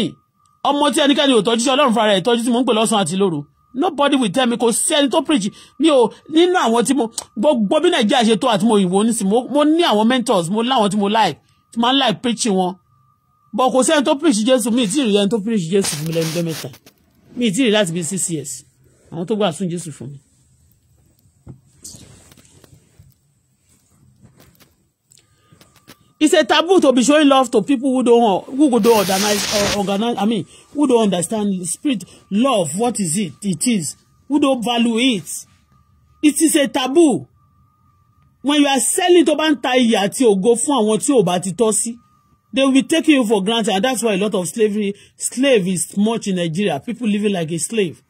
ọmọ tí ẹnikẹ́ni ò tọ́jú sí ọlọ́run fara ẹ̀ tọ́jú tí mò ń pè lọ́sàn àti lóru nobody will tell me kò sí ẹni tó preach mi ò nínú àwọn tí mo gbogbo bí nàìjíríà ṣe tó àti mo ìwò nísìn mo ní àwọn mentors mo láwọn tí mo like tí máa ń like preaching wọn but kò sẹ́ni tó preach Jésù mi ìtì ẹni tó preach Jésù fún mi lẹ́nu ọjọ́ mi ìtì láti bí six years àwọn tó gbà sún Jésù fún mi. It's a taboo to be showing love to people who don't who don't organize or organize. I mean, who don't understand spirit love. What is it? It is who don't value it. It is a taboo. When you are selling tó bá ń ta iyì àti ògo fún àwọn tí ò bá ti tọ́ sí They will be taking you for granted, and that's why a lot of slavery slave is much in Nigeria. People living like a slave.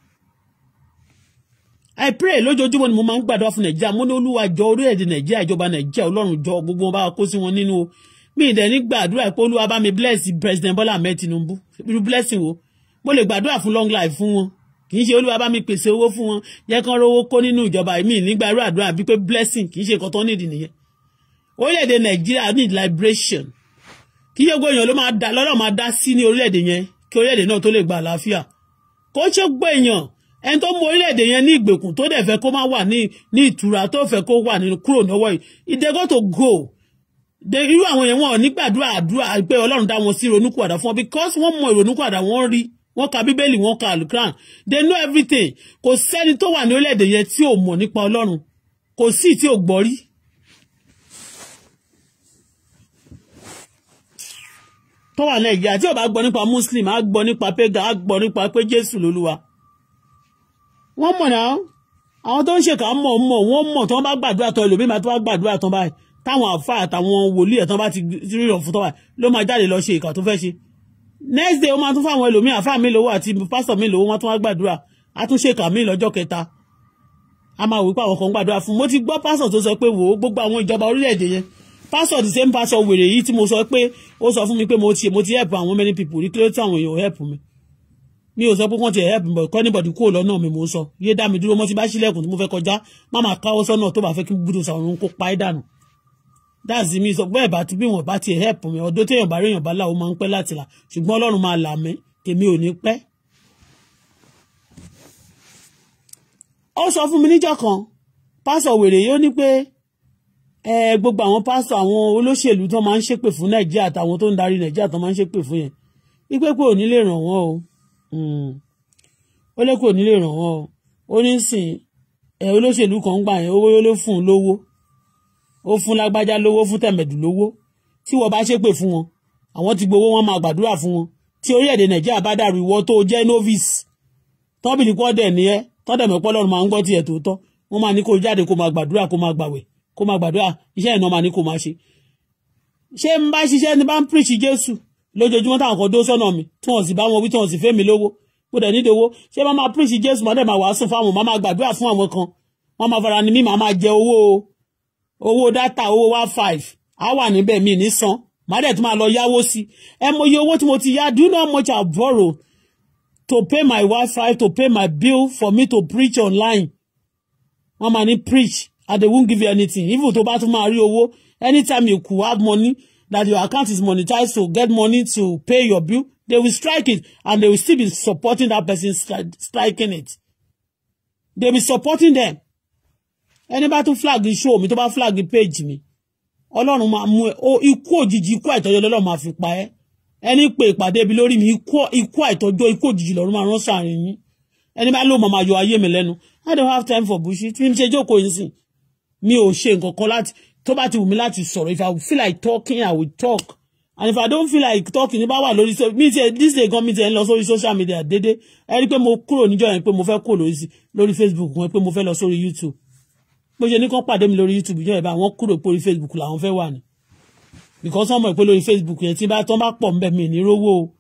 I pray lójoojúmọ́ ni mo máa ń gbàdúrà fún Nàìjíríà mo ní Olúwa jọ orílẹ̀-èdè Nàìjíríà ìjọba Nàìjíríà Ọlọ́run jọ gbogbo bá kó sí wọn nínú o mi ìdẹ̀ ní gbàdúrà pé Olúwa bá mi bless President Bola Ahmed Tinubu irú blessing wo mo lè gbàdúrà fún long life fún wọn kì í ṣe Olúwa bá mi pèsè owó fún wọn yẹ kán rówó kó nínú ìjọba mi nígbà irú àdúrà bíi pé blessing kì í ṣe nǹkan tó nídìí nìyẹn orílẹ̀ Nàìjíríà need liberation kí gbogbo èèyàn ló máa dá lọ́nà máa dá sí ní orílẹ̀-èdè yẹn kí orílẹ̀-èdè náà tó lè gba àlàáfíà kó ṣe gbọ́ èèyàn ẹni tó mú orílẹ̀-èdè yẹn ní ìgbèkùn tó dẹ̀ fẹ́ kó má wà ní ìtura tó fẹ́ kó wà nínú kúrò lọ́wọ́ yìí ìdẹ́gọ́ tó go irú àwọn yẹn wọn ò ní gbàdúrà àdúrà pé ọlọ́run dá wọn sí ìrònúkúwàdà fún wọn because wọ́n mọ ìrònúkúwàdà wọn rí wọ́n ka bíbélì wọ́n ka alukuran they know everything kò sẹ́ni tó wà ní orílẹ̀-èdè yẹn tí ò mọ̀ nípa ọlọ́run kò sí tí ò gbọ́ rí tó wà nàìjíríà tí ò bá gbọ́ nípa muslim á gbọ́ nípa pagan á gbọ́ nípa pé jésù lolúwa wọ́n mọ̀ náà àwọn tó ń ṣèkà mọ̀ mọ̀ wọ́n mọ̀ tó ń bá gbàdúrà tán ẹlòmíín máa tó bá gbàdúrà tán báyìí táwọn àfa àtàwọn wòlíì ẹ̀ tán bá ti rírọ̀ fún tán báyìí ló máa jáde lọ ṣe ìkà tó fẹ́ ṣe next day ó máa tún fáwọn ẹlòmíín àfa mi lówó àti pásítọ̀ mi lówó wọ́n tún wá gbàdúrà á tún ṣèkà mí lọ́jọ́ kẹta a máa wípé àwọn kan gbàdúrà fún mo ti gbọ́ pásítọ̀ tó sọ pé wò ó gbogbo àwọn ìjọba orílẹ̀-èdè yẹn pásọ the same pásọ wèrè yìí tí mo sọ pé ó sọ fún mi pé mo ti mo ti help àwọn many people rí kílódé tí àwọn èèyàn help mi mi ò sọ pé wọ́n ti help but kọ́ anybody kúrò lọ́nà mi mo sọ yé dá mi dúró mọ́ tí bá sílẹ̀kùn tí mo fẹ́ kọjá má máa káwọ́ sọ́nà tó bá fẹ́ kí n gbúdọ̀ sàrùn kó pa é dànù dáàsì mi sọ pé ẹ̀ bá ti bí wọ́n bá ti help mi ọdún téèyàn bá réèyàn bá là ó máa ń pẹ́ láti là ṣùgbọ́n Ọlọ́run máa là mí tèmi ò ní pẹ́. ó sọ fún mi níjọ́ kan pásọ wèrè yìí ó ní pé gbogbo àwọn pásítọ̀ àwọn olóṣèlú tó máa ń ṣépè fún nàìjíríà àtàwọn tó ń darí nàìjíríà tó máa ń ṣépè fún yẹn wípé kò ní lè ràn wọ́n o hmm. ó lé kò ní lè ràn wọ́n o ó ní sìn ẹ olóṣèlú kan gbà yẹn owó ló fún un lówó ó fún lágbájá lówó fún tẹ̀mẹ̀dù lówó tí wọ́n bá ṣépè fún wọn àwọn ti gbowó wọn máa gbàdúrà fún wọn tí orílẹ̀-èdè nàìjíríà bá dàrú ìwọ tó jẹ́ novice tọ́bìlì kọ́ dẹ̀ ní ẹ tọ́dẹ̀mẹ́pọ́ lọ́run máa ń gbọ́ tiẹ̀ tòótọ́ wọ́n máa ní kó jáde kó máa gbàdúrà kó máa gbàwẹ̀ kó máa gbàdúrà iṣẹ́ ìnáwó ni kò máa ṣe ṣé ń bá ṣiṣẹ́ ní bá ń píríṣì Jésù lójoojúmọ́ táwọn kan dó sọ́nà mi tí wọ́n sì bá wọn wí tí wọ́n sì fẹ́mi lówó mo dẹ̀ nídìí owó ṣé máa máa píríṣì Jésù máa dẹ̀ máa wàásù fáwọn máa máa gbàdúrà fún àwọn kan wọ́n máa fara ni mí máa máa jẹ owó owó dátà owó one five á wà níbẹ̀ mí ní san máa dẹ̀ tún máa lọ yáwó sí ẹ mọ iye owó tí mo ti yá do you know how much I borrow to pay my wifi to pay my bill for me to preach online wọ́n máa ní preach and they won't give you anything even to buy to marry rí owó anytime you could have money that your account is monetized to get money to pay your bill they will strike it and they will still be supporting that person stri striking it they will be supporting them Anybody to flag flag show me to buy flag the page mi ọlọ́run máa mú ẹ ó ikú òjijì ikú àìtọ́jọ́ lọ́lọ́run máa fi pa ẹ́ ẹni pé ìpàdé ibi lórí mi ikú àìtọ́jọ́ ikú òjijì lọ́run ma rán sáàrin yín ẹni bá lóun máa yọ ayé mi lẹ́nu I don't have time for bullshit mi ṣe jókòó yín sìn mi ò ṣe nǹkan kan láti tó bá ti wù mí láti sọ̀rọ̀ if I feel like talking I will talk and if I don't feel like talking ní bá wà lórí so mi tiẹ̀ this day gan mi tiẹ̀ ń lọ sórí social media dédé ẹ rí i pé mo kúrò níjọ́ yẹn pé mo fẹ́ kúrò lórí lórí Facebook wọn pé mo fẹ́ lọ sórí YouTube bó ṣe ní kán pàdé mi lórí YouTube yẹn ìbá wọn kúrò pé orí Facebook làwọn fẹ́ wà ní because wọn mọ̀ pé lórí Facebook yẹn tí bá tán bá pọ̀ mbẹ́ mi ní rówó o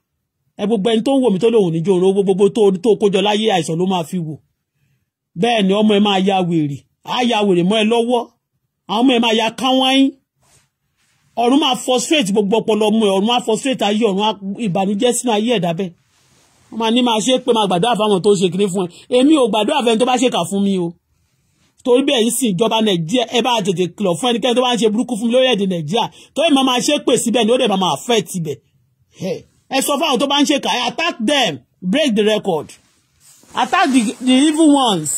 ẹ gbogbo ẹni tó ń wò mí tó lòun níjó rówó gbogbo tó kójọ láyé àìsàn ló máa fi wò bẹ́ẹ̀ ni ọmọ ẹ máa ya wèrè á ya wèrè mọ́ ẹ lọ́wọ́ àwọn ọmọ ẹ máa ya káwáyín ọ̀run máa frustrate gbogbo ọpọlọ ọmọ ẹ ọ̀run máa frustrate ayé ọ̀run ìbànújẹ́ sínú ayé ẹ̀dá bẹ́ẹ̀ wọ́n máa ní máa ṣe pé máa gbàdúrà fáwọn tó ń ṣe kiri fún ẹ èmi ò gbàdúrà fẹ́ni tó bá ṣèkà fún mi o torí bẹ́ẹ̀ ń sìn ìjọba nàìjíríà ẹ bá tètè kìlọ̀ fún ẹnikẹ́ni tó bá ń ṣe burúkú fún mi lórílẹ̀‐èdè nàìjíríà tó yẹ máa ṣe pè síbẹ̀ ni ó dẹ̀ máa fẹ́ tibẹ̀ ẹ sọ fáwọn tó bá ń ṣèkà attack them break the record attack the, the evil ones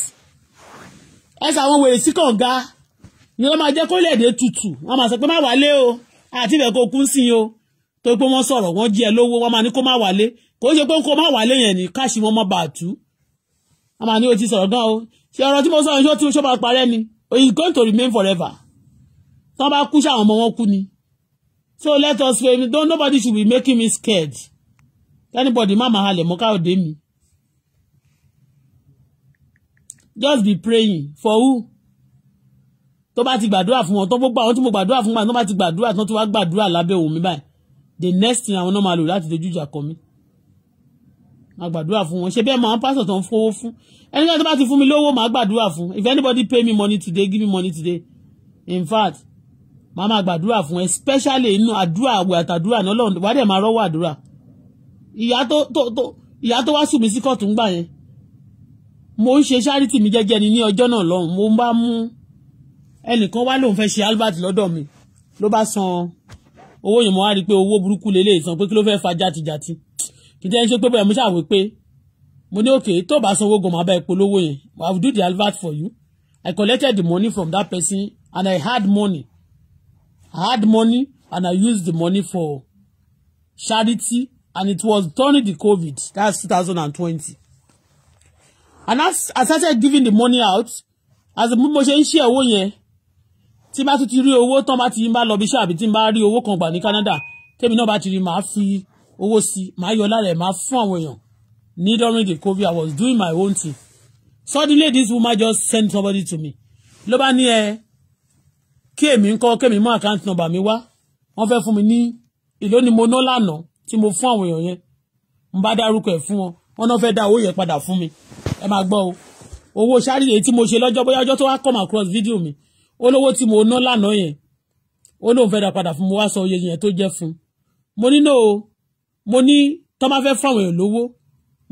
ẹsẹ̀ àwọn wèrè sí kànga ni wọ́n máa jẹ́ kólẹ̀ èdè tutù wọ́n máa sọ pé má wálé o àti ìbẹ̀ kó kún sí o tó pé wọ́n sọ̀rọ̀ wọ́n jí ẹ lówó wọ́n máa ní kó má wálé kò ṣe pé kó má wálé yẹn ní káṣí wọn mọ́ bàtú wọ́n máa ní o ti sọ̀rọ̀ gan o ṣe ọ̀rọ̀ tí mo sọ ìṣó tí mo ṣọ́ máa parẹ́ ni it's going to remain forever tí wọ́n bá kú ṣáwọn ọmọ wọn kú ni so let us pray don't nobody should be making me scared anybody má máa halẹ̀ mọ́ káòdé mi. just be praying for who tó bá ti gbàdúrà fún wọn tó gbogbo àwọn tí mo gbàdúrà fún wọn tó bá ti gbàdúrà tó wá gbàdúrà lábẹ́ òun mi báyìí the next thing àwọn náà máa lò láti dojú ìjà kọ mí máa gbàdúrà fún wọn ṣé bẹ́ẹ̀ máa pásọ̀ tó ń fowó fún ẹni tó bá ti fún mi lówó máa gbàdúrà fún if anybody pay me money today give me money today in fact máa máa gbàdúrà fún especially inú àdúrà àwẹ̀ àtàdúrà náà lọ́wọ́ wádìí ẹ̀ máa rọ́wọ́ àdúrà ìyá tó wá sùn mí sí kọ́ọ̀tù ń gbà yẹn mo ń ṣe charity mi jẹ́jẹ́ ni ní ọjọ́ náà lọ́hùn mo bá mú ẹnìkan wá lòun fẹ́ ṣe Albert lọ́dọ̀ mi ló bá san owó yẹn mo wá rí i pé owó burúkú lélẹ̀ san pé kí ló fẹ́ẹ́ fa játijàti kì í jẹ́ ń ṣe pé bẹ́ẹ̀ mo ṣàwé pé mo ní òkè tó bá sanwó gan-an máa bá yẹn I will do the Albert for you I collected the money from that person and I had money I had money and I used the money for charity and it was during the COVID that's two thousand and twenty and as I started giving the money out as the mo ṣe ń ṣe owó yẹn tí bá tún ti rí owó tán bá ti bá lọ bí iṣẹ́ àbí tí n bá rí owó kan gbà ní Canada tèmi náà bá ti rí màá fi owó sí màá yọ lálẹ́ màá fún àwọn èèyàn ní during the COVID I was doing my own thing suddenly this woman just send somebody to me ló bá ní ẹ kí èmi ń kọ́ kémi mú account number mi wá wọ́n fẹ́ fún mi ní ìlónìí mo ná lánàá tí mo fún àwọn èèyàn yẹn n bá dárúkọ ẹ̀ fún wọn wọn náà fẹ́ dá owó yẹn padà fún mi ẹ máa gbọ́ o owó sáré èyí tí mo ṣe lọ́jọ́ bóyá ọjọ́ tó wá come across video mi olówó tí mo ná lánàá yẹn ó lóun fẹ́ dá padà fún mi wá sọ iye yẹn tó jẹ́ fún mo ní náà o mo ní tọ́ máa fẹ́ fún àwọn èèyàn lówó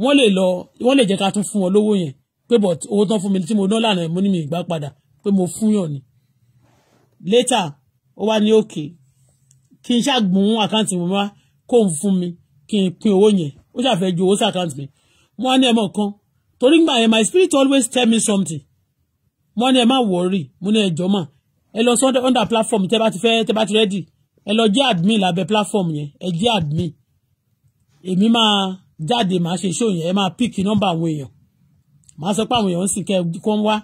wọ́n lè lọ wọ́n lè jẹ́ ká tún fún wọn lówó yẹn pé bọ̀ owó tán fún mi tí mo ná lánàá mo ní mi ìgbà padà pé mo fún yàn ni later ó wá ní òkè kí n ṣàgbọ́n àkáǹtì mi wá kóun fún mi kí n pín owó yẹn ó ṣàfẹ́ ju owó sí àkáǹtì mi wọ́n á ní ẹ̀mọ́ kan torí gbà yẹn my spirit always tell me something wọ́n ní ẹ má worry mo ní ẹjọ́ mà ẹ lọ sí under platform tẹ́ bá ti fẹ́ tẹ́ bá ti ready ẹ lọ jẹ́ admin lábẹ́ platform yẹn ẹ jẹ́ admin èmi máa jáde máa ṣe show yẹn ẹ máa pick number àwọn èèyàn máa sọ pé àwọn èèyàn ń sìn kẹ́ kó ń wá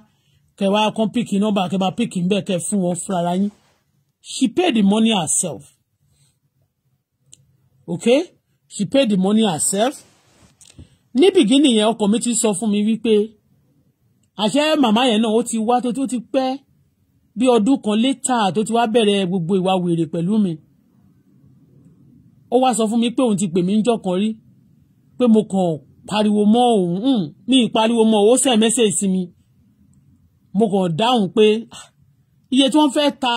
kẹ́ wá kán pick nọ́mbà kẹ́ máa pick níbẹ̀ kẹ́ fún wọn fúnra ara yín she paid the money herself okay she paid the money herself ní bìgínì yẹn ọkọ mi ti sọ fún mi wípé àṣẹ màmá yẹn náà ó ti wá tó tó ti pẹ́ bí ọdún kan létà tó ti wá bẹ̀rẹ̀ gbogbo ìwà wèrè pẹ̀lú mi ó wá sọ fún mi pé òun ti pè mí ń jọkàn rí pé mo kàn pariwo mọ́ òun hmm, mi ìpariwo mọ́ ó sẹ̀ mẹ́sẹ̀ sí mi mo kàn dáhùn pé ah, iye tí wọ́n fẹ́ ta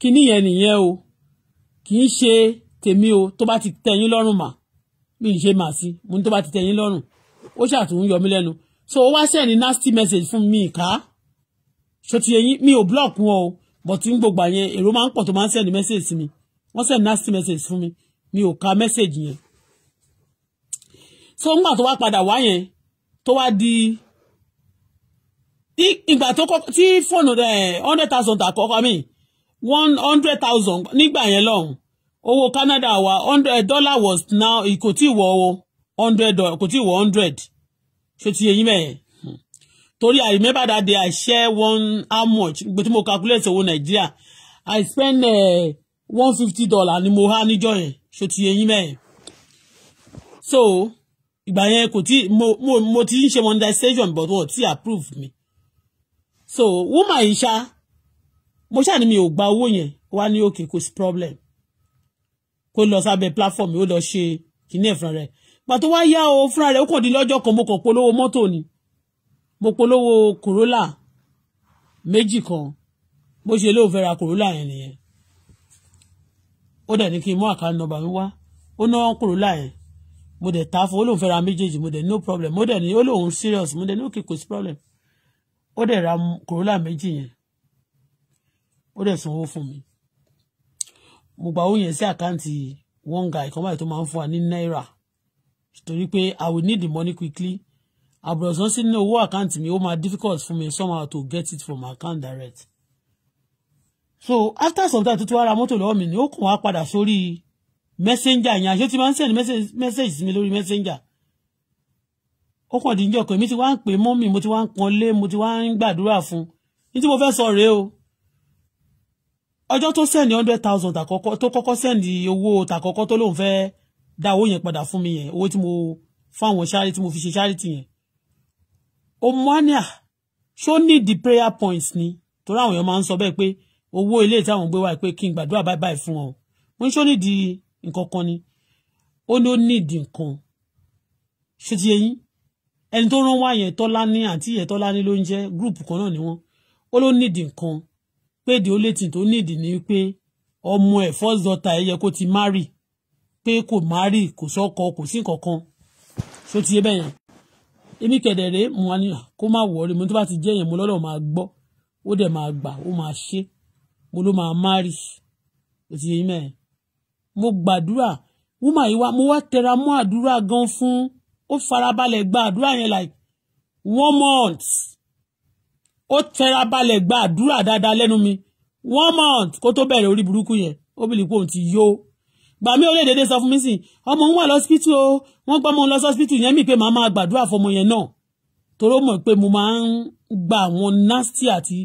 kinní yẹn nìyẹn o kì í ṣe tèmi o tó bá ti tẹ̀yìn lọ́rùn mà mi ì ṣe mà sí mo ní tó bá ti tẹ̀yìn lọ́rùn ó ṣàtún yọ mí lẹ́nu so ó wá sẹ́ni nasty message fún mi ká ṣó ti yẹn mi ò block wọn o but n gbogbo àyẹn èrò máa ń pọ̀ tó máa ń sẹ́ni message sí mi wọ́n sẹ́ni nasty message fún mi mi ò ka message yẹn so ńgbà tó wá padà wá yẹn tó wá di ìgbà tó kọ tí fóònù eh, hundred thousand àkọ́kọ́ mi one hundred thousand nígbà yẹn lọ́hùn owó Canada wa hundred eh, dollar was now kò tí ì wọ hundred eh, kò tí ì wọ hundred ṣé ti yẹ yín mẹ́yẹn hmm. torí I remember that day I share one how much gbé tí mo calculate owó Nàìjíríà I spend eh, one fifty dollar ni mo há níjọ́ yẹn ṣé ti yẹ yín mẹ́yẹn so ìgbà yẹn kò tí mo mo mo ti ń ṣe monetization but wọn ò tí approve mi so woman yìí ṣá mo ṣáà ní mi ò gba owó yẹn wá ní òkè kò sí problem ó lọ sábẹ́ platform ó lọ ṣe kíní ẹ̀ fúnra rẹ̀ gbà tó wá yá o fúnra rẹ̀ ó kàn di lọ́jọ́ kan mo kàn polówó mọ́tò ni mo polówó Corolla méjì kan bó ṣe lóò fẹ́ ra Corolla yẹn nìyẹn ó dẹ̀ ní kí n mú àká nọ́mbà mi wá ó ná Corolla yẹn mo dẹ̀ ta fún ó lóun fẹ́ méjèèjì mo dẹ̀ no problem mo dẹ̀ ní ó lóun serious mo dẹ̀ ní òkè kò sí problem ó dẹ̀ ra Corolla méjì yẹn ó dẹ̀ sanwó fún mi mo gba owó yẹn sí àkáǹtì one guy kan báyìí tó máa ń fún wa ní náírà torí pé i will need the money quickly àbùrọ̀sán sí ní owó àkáǹtì mi ó máa difficult fún mi somehow to get it from my account direct so after some time tuntun ara mọ́tò lọ́wọ́ mi ni ó kàn wá padà sórí messenger yẹn àṣé tí máa ń send message sí mi lórí messenger ó kàn dín jọ pé mi ti wá ń pè mọ́mì mo ti wá ń pọ́nlé mo ti wá ń gbàdúrà fún ní tí mo fẹ́ sọ rèé o ọjọ́ tó sẹ́ni hundred thousand àkọ́kọ́ tó kọ́kọ́ sẹ́ni owó tàkọ́kọ́ tó lóun fẹ́ẹ́ dá owó yẹn padà fún mi yẹn owó tí mo fáwọn charity tí mo fi ṣe charity yẹn omania ṣó ní di prayer points ni torí àwọn èèyàn máa ń sọ bẹ́ẹ̀ pé owó ilé táwọn gbé wá pé kí n gbàdúrà báyìí báyìí fún wọn ṣó ní di nǹkan kan ni ó ní ó ní ìdí nǹkan ṣé ti yẹn ẹni tó rán wá yẹn tọ́lá ní àǹtí yẹn tọ́lá ní ló ń jẹ́ gúrùpù kan náà ni wọ́n ó ló ní ìdí nǹkan pé the only tó nídìí ni pé ọmọ ẹ̀ first daughter yẹ kó ti marry pé kò marry kò sọ́kọ kò sí kankan ṣó ti yé bẹ́ẹ̀ yẹn èmi kẹ̀dẹ̀rẹ́ mo wá ní kó má wọrí mo tó bá ti jẹ́ yẹn mo lọ́dọ̀ máa gbọ́ ó dẹ̀ máa gbà ó máa ṣe mo ló máa marry ó ti yé yín mẹ́ẹ̀ mo gbàdúrà wúmà yìí wá mo wá tẹra mọ́ àdúrà gan fún ó farabalẹ̀ gba àdúrà yẹn like one month ó tẹra balẹ̀ gba àdúrà dáadáa lẹ́nu mi one month kó tó bẹ̀rẹ̀ orí burúkú yẹn ó bìlì ti yó gbà mí ó lè dédé sọ fún mi sìn ọmọ òun wà lọ́sípítù o wọ́n gbọ́ ọmọ òun lọ sọ́sípítù yẹn mi pé màá máa gbàdúrà fọmọ yẹn náà torí mọ̀ pé mo máa ń gba àwọn nasty àti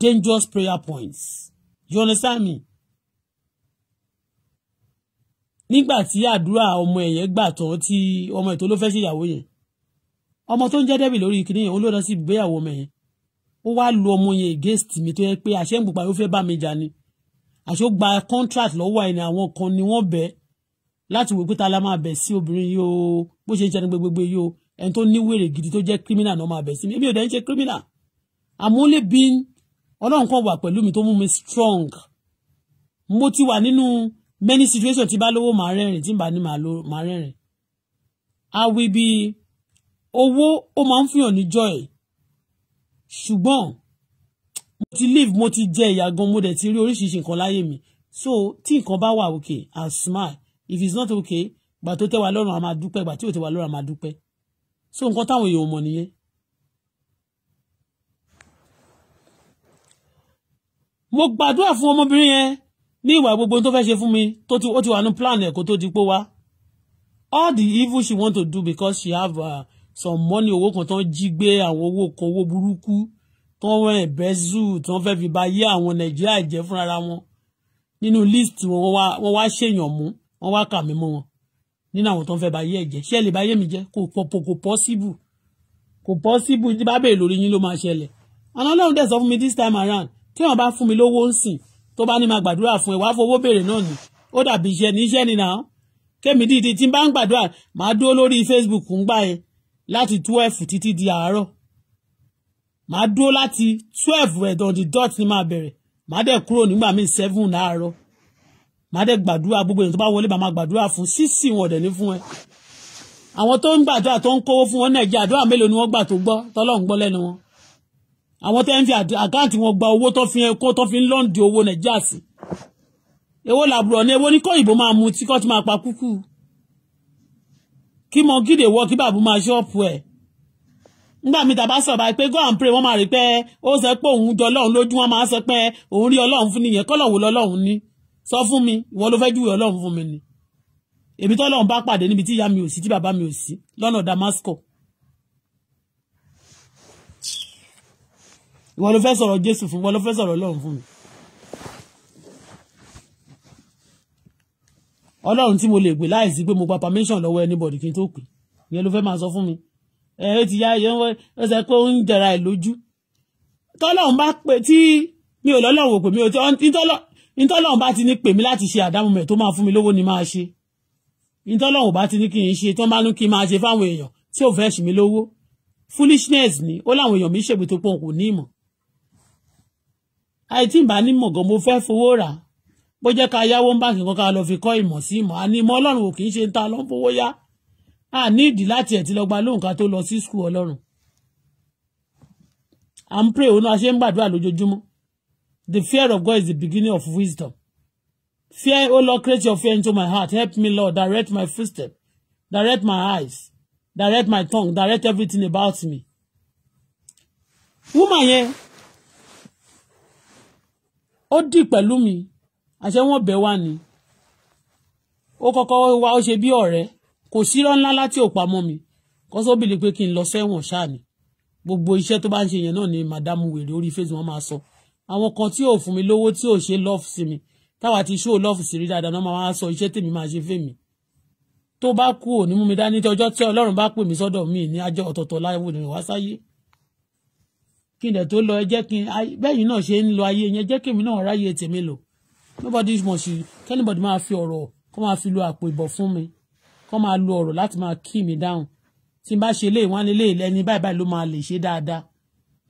dangerous prayer points you understand me nígbà tí àdúrà ọmọ ẹ̀ yẹn gbà tán tí ọmọ ẹ̀ tó ló fẹ́ ṣèyàwó yẹn ọmọ tó ń jẹ́ dẹ́bì lórí kìnìyàn ó ló sí ìgbéyàwó ọmọ yẹn ó wá lu ọmọ yẹn against mi tó yẹ pé àṣẹ ń pupa yóò fẹ́ bá mi jà ni àṣọ gba contract lọ́wọ́ ẹni àwọn kan ni wọ́n bẹ̀ láti wò pé ta la máa bẹ̀ sí obìnrin yìí o bó ṣe ń ṣe gbogbo yìí o ẹni tó ní wèrè gidi tó jẹ́ criminal náà máa bẹ̀ sí mi èmi ò dẹ̀ ń ṣe criminal I'm only being ọlọ́run kan wà pẹ̀lú mi tó mú mi strong mo ti wà nínú many situations tí bá lówó màá rẹ́rìn tí bá ní màá rẹ́rìn i owó ó máa ń fihàn ní joy ṣùgbọ́n mo ti live mo ti jẹ ìyà gan mo dẹ̀ ti rí oríṣiríṣi nǹkan láyé mi so tí nǹkan bá wà okay I'll smile if it's not okay gbà tó tẹ́ wa lọ́rùn a máa dúpẹ́ gbà tí ò tẹ́ wa lọ́rùn a máa dúpẹ́ so nǹkan táwọn èèyàn mọ̀ nìyẹn. mo gbàdúrà fún ọmọbìnrin yẹn ní ìwà gbogbo tó fẹ́ ṣe fún mi tó ti ó ti wà ní plan ẹ̀ kó tó di pé wá all the evil she want to do because she have uh, some money owó kan tán jí gbé àwọn owó kan owó burúkú tán wọ́n ẹ̀bẹ́zù tán fẹ́ fi ba yé àwọn nàìjíríà jẹ́ fúnra wọn nínú list wọn wọ́n wá ṣèyàn mú wọ́n wá kà mí mọ́ wọn nínú àwọn tán fẹ́ ba yé ẹ̀jẹ̀ ṣé ẹ lè ba yé mi jẹ́ kò pọ̀ kò pọ́síbù kò pọ́síbù tí bá bèèrè lórí yín ló máa ṣẹlẹ̀ àná lọ́run dẹ̀ sọ fún mi this time around tí wọ́n bá fún mi lówó ń sìn tó bá ní máa gbàdúrà fún ẹ wàá fowó béèrè náà ni ó dàbí iṣẹ́ ní iṣẹ́ nìyà kémi dídí tí n bá ń gbàdúrà máa dúró lórí Facebook ń gbà yẹn láti twelve títí di àárọ̀ màá dúró láti twelve ẹ̀dọ̀ di dot ni màá bẹ̀rẹ̀ màá dẹ̀ kúrò nígbà míì seven láàárọ̀ màá dẹ̀ gbàdúrà gbogbo èèyàn tó bá wọlé bá máa gbàdúrà fún sísì wọn dẹ̀ ní fún ẹ àwọn tó ń gbàdúrà tó ń kówó fún wọn nàìjíríà àdúrà mélòó ni wọ́n gbà tó gbọ́ tọ́lọ́ ń gbọ́ lẹ́nu wọn àwọn tẹ́ ń fi àkáǹtì wọn gba owó tó fi kó tó fi ń lọ́ǹdì owó nàìjíríà sí èwo làbùrọ̀ ni èwo ní kó ìbò máa mu tí kò ti máa pa kúkú kí mo gídè wọ kí bàbá máa ṣọ́ọ̀pù ẹ̀ nígbà mi tàbá sọ báyìí pé go and pray wọ́n máa rí pé ó sọ pé òun jọ ọlọ́run lójú wọ́n máa sọ pé òun rí ọlọ́run fún nìyẹn kọ́lọ̀ wò lọ́lọ́run ní sọ fún mi ìwọ ló fẹ́ júwe ọlọ́run fún mi ni èmi tọ́lọ́run bá pàdé níbi tí ìyá mi ò sí tí bàbá mi ò sí lọ́nà Damascus ìwọ ló fẹ́ sọ̀rọ̀ Jésù fún ìwọ ló fẹ́ sọ̀rọ̀ ọlọ́run fún mi ọlọ́run tí mo lè pè láìsí pé mo gba permission lọ́wọ́ anybody kí n tó pè ìyẹn ló fẹ́ máa sọ fún mi ẹ ó ti yá ẹ ó sọ pé ó ń jẹra ẹ lójú tọ́lọ́run bá pè tí mi ò lọ́lọ́run ò pè mí ò tí ntọ́lọ́run bá ti ní pè mí láti ṣe àdámọ̀mẹ̀ tó máa fún mi lówó ni máa ṣe ntọ́lọ́run bá ti ní kí n ṣe tán bá ní kí n máa ṣe fáwọn èèyàn tí ò fẹ́ ṣì mí lówó foolishness ni ó láwọn èèyàn mi ṣègbè tó pọ̀ kò ní ìmọ̀ àìtí ìbá nímọ̀ gan mo fẹ́ fowó rà bó jẹ́ ká yáwó ń báǹkì kan ká lọ fi kọ́ ìmọ̀ sí ìmọ̀ àní ìmọ̀ ọlọ́run ò kì í ṣe ń ta lọ fowó yá a ní ìdí láti ẹ̀ ti lóhùn ká tó lọ sí skul ọlọ́run à ń pray òun a ṣe ń gbàdúrà lójoojúmọ́ the fear of God is the beginning of wisdom fear o oh Lord create your fear into my heart help me Lord direct my footstep direct my eyes direct my tongue direct everything about me woman yẹn ó dì pẹ̀lú mi àṣẹ wọn bẹ̀ wá ni ó kọ́kọ́ wá ó ṣe bí ọ̀rẹ́ kò sírọ́ ńlá láti ò pamọ́ mi kọ́sọ́bìlì pé kí n lọ sẹ́wọ̀n ṣáà ni gbogbo iṣẹ́ tó bá ń ṣe yẹn náà ni màdámù wèrè orí facebook wọn máa sọ àwọn kan tí ò fún mi lówó tí ò ṣe lọ́ọ̀fù sí mi táwa ti ṣó lọ́ọ̀fù rí dáadáa náà máa sọ iṣẹ́ tèmi máa ṣe fèmí tó bá kú òní mú mi dání tí ọjọ́ tí ọlọ́run bá pè mí sọ́dọ̀ mi ní ajọ́ ọ̀tọ̀ọ̀tọ̀ láìwò ní wá sáyé kí n dẹ̀ tó lọ ẹ jẹ́ kí n bẹ́yìn náà ṣe ń lo ayé yẹn jẹ́ kí èmi náà ráyè tèmi lò nobody must kẹ́nìbọ̀dì máa fi ọ̀rọ̀ kó máa fi lo àpò ìbọ̀ fún mi kó máa lo ọ̀rọ̀ láti máa kí mi dáhùn tí n bá ṣe eléyìí wọ́n á ní eléyìí lẹ́ni báyìí báyìí ló máa lè ṣe dáadáa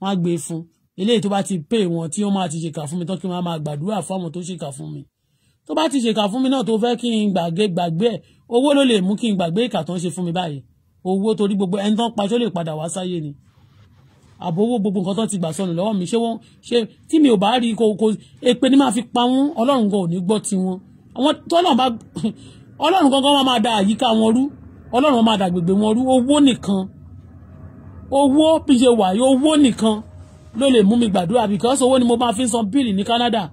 wọ́n á gbé e fún eléyìí tó bá ti pè wọ́n tí wọ́n máa ti ṣèkà fún mi tán kí wọ́n máa gbàdúrà fún àwọn tó ṣèkà fún mi tó bá ti ṣèkà fún mi náà tó fẹ́ kí n gbàgbé gbàgbé ẹ̀ owó ló lè mú kí n gbàgbé ìkà tó ń ṣe fún mi báyìí owó torí gbogbo ẹni tán paṣọ lè padà wá sáyé ni àbówó gbogbo nǹkan tó ti gbà sọnù lọ́wọ́ mi ṣé wọ́n ṣe tí mi ò bá rí kò kò èpè ni máa fi pa wọ́n ọlọ́run gan ò ní gbọ́ tiwọn àwọn tọ́lọ́run bá ọlọ́run gangan wọn máa da àyíká wọn rú ọlọ́run máa da gbègbè wọn rú owó nìkan owó bí ṣe wà yìí owó nìkan ló lè mú mi gbàdúrà because owó ni mo máa fi san bíìlì ní Canada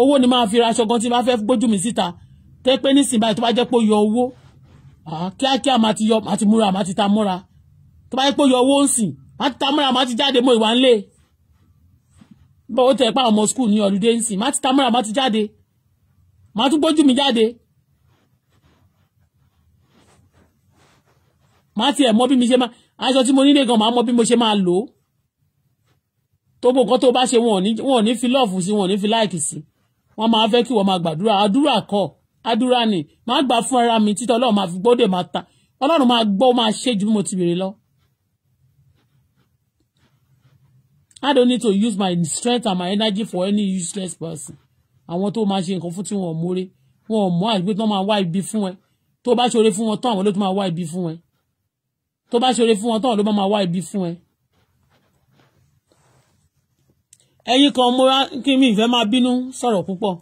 owó ni máa fi ra aṣọ gan tí máa fẹ́ gbójú mi síta tẹ́ pé nísìnyí báyìí tó bá jẹ́ pé ó yọ owó kíákíá máa ti yọ máa ti múra máa ti ta múra tó bá yẹ pé ó yọ owó ń sìn má ti ta mọ́ra má ti jáde mo ìwà ńlẹ̀ bọ́ ó tẹ̀ pa ọmọ skul ní ọ̀lùdé ńsìn má ti ta mọ́ra má ti jáde má tún gbójú mi jáde má ti ẹ̀ mọ̀ bí mi ṣe máa aṣọ tí mo nílé gan máa mọ̀ bí mo ṣe máa lò ó tó bó nǹkan tó bá ṣe wọn ò ní fi lọ́ọ̀fù sí wọn ò ní fi láìkì sí wọn máa fẹ́ kí wọ́n máa gbàdúrà àdúrà kọ́ àdúrà ni máa gbà fún ara mi títọ́ ọlọ́run máa fi gbọ́dẹ̀ máa ta ọlọ́run máa gbọ́ máa ṣe ju bí mo ti béèrè lọ I don't need to use my strength and my energy for any useless person àwọn tó máa ṣe nǹkan fún tí wọn ò mórè wọn ò mọ àgbẹ̀ tó máa wá ibi fún ẹ tó bá ṣoore fún wọn tán àwọn ló tún máa wá ibi fún ẹ tó bá ṣoore fún wọn tán ló máa wá ibi fún ẹ. ẹ̀yin kan mo kí mi ìfẹ́ máa bínú sọ̀rọ̀ púpọ̀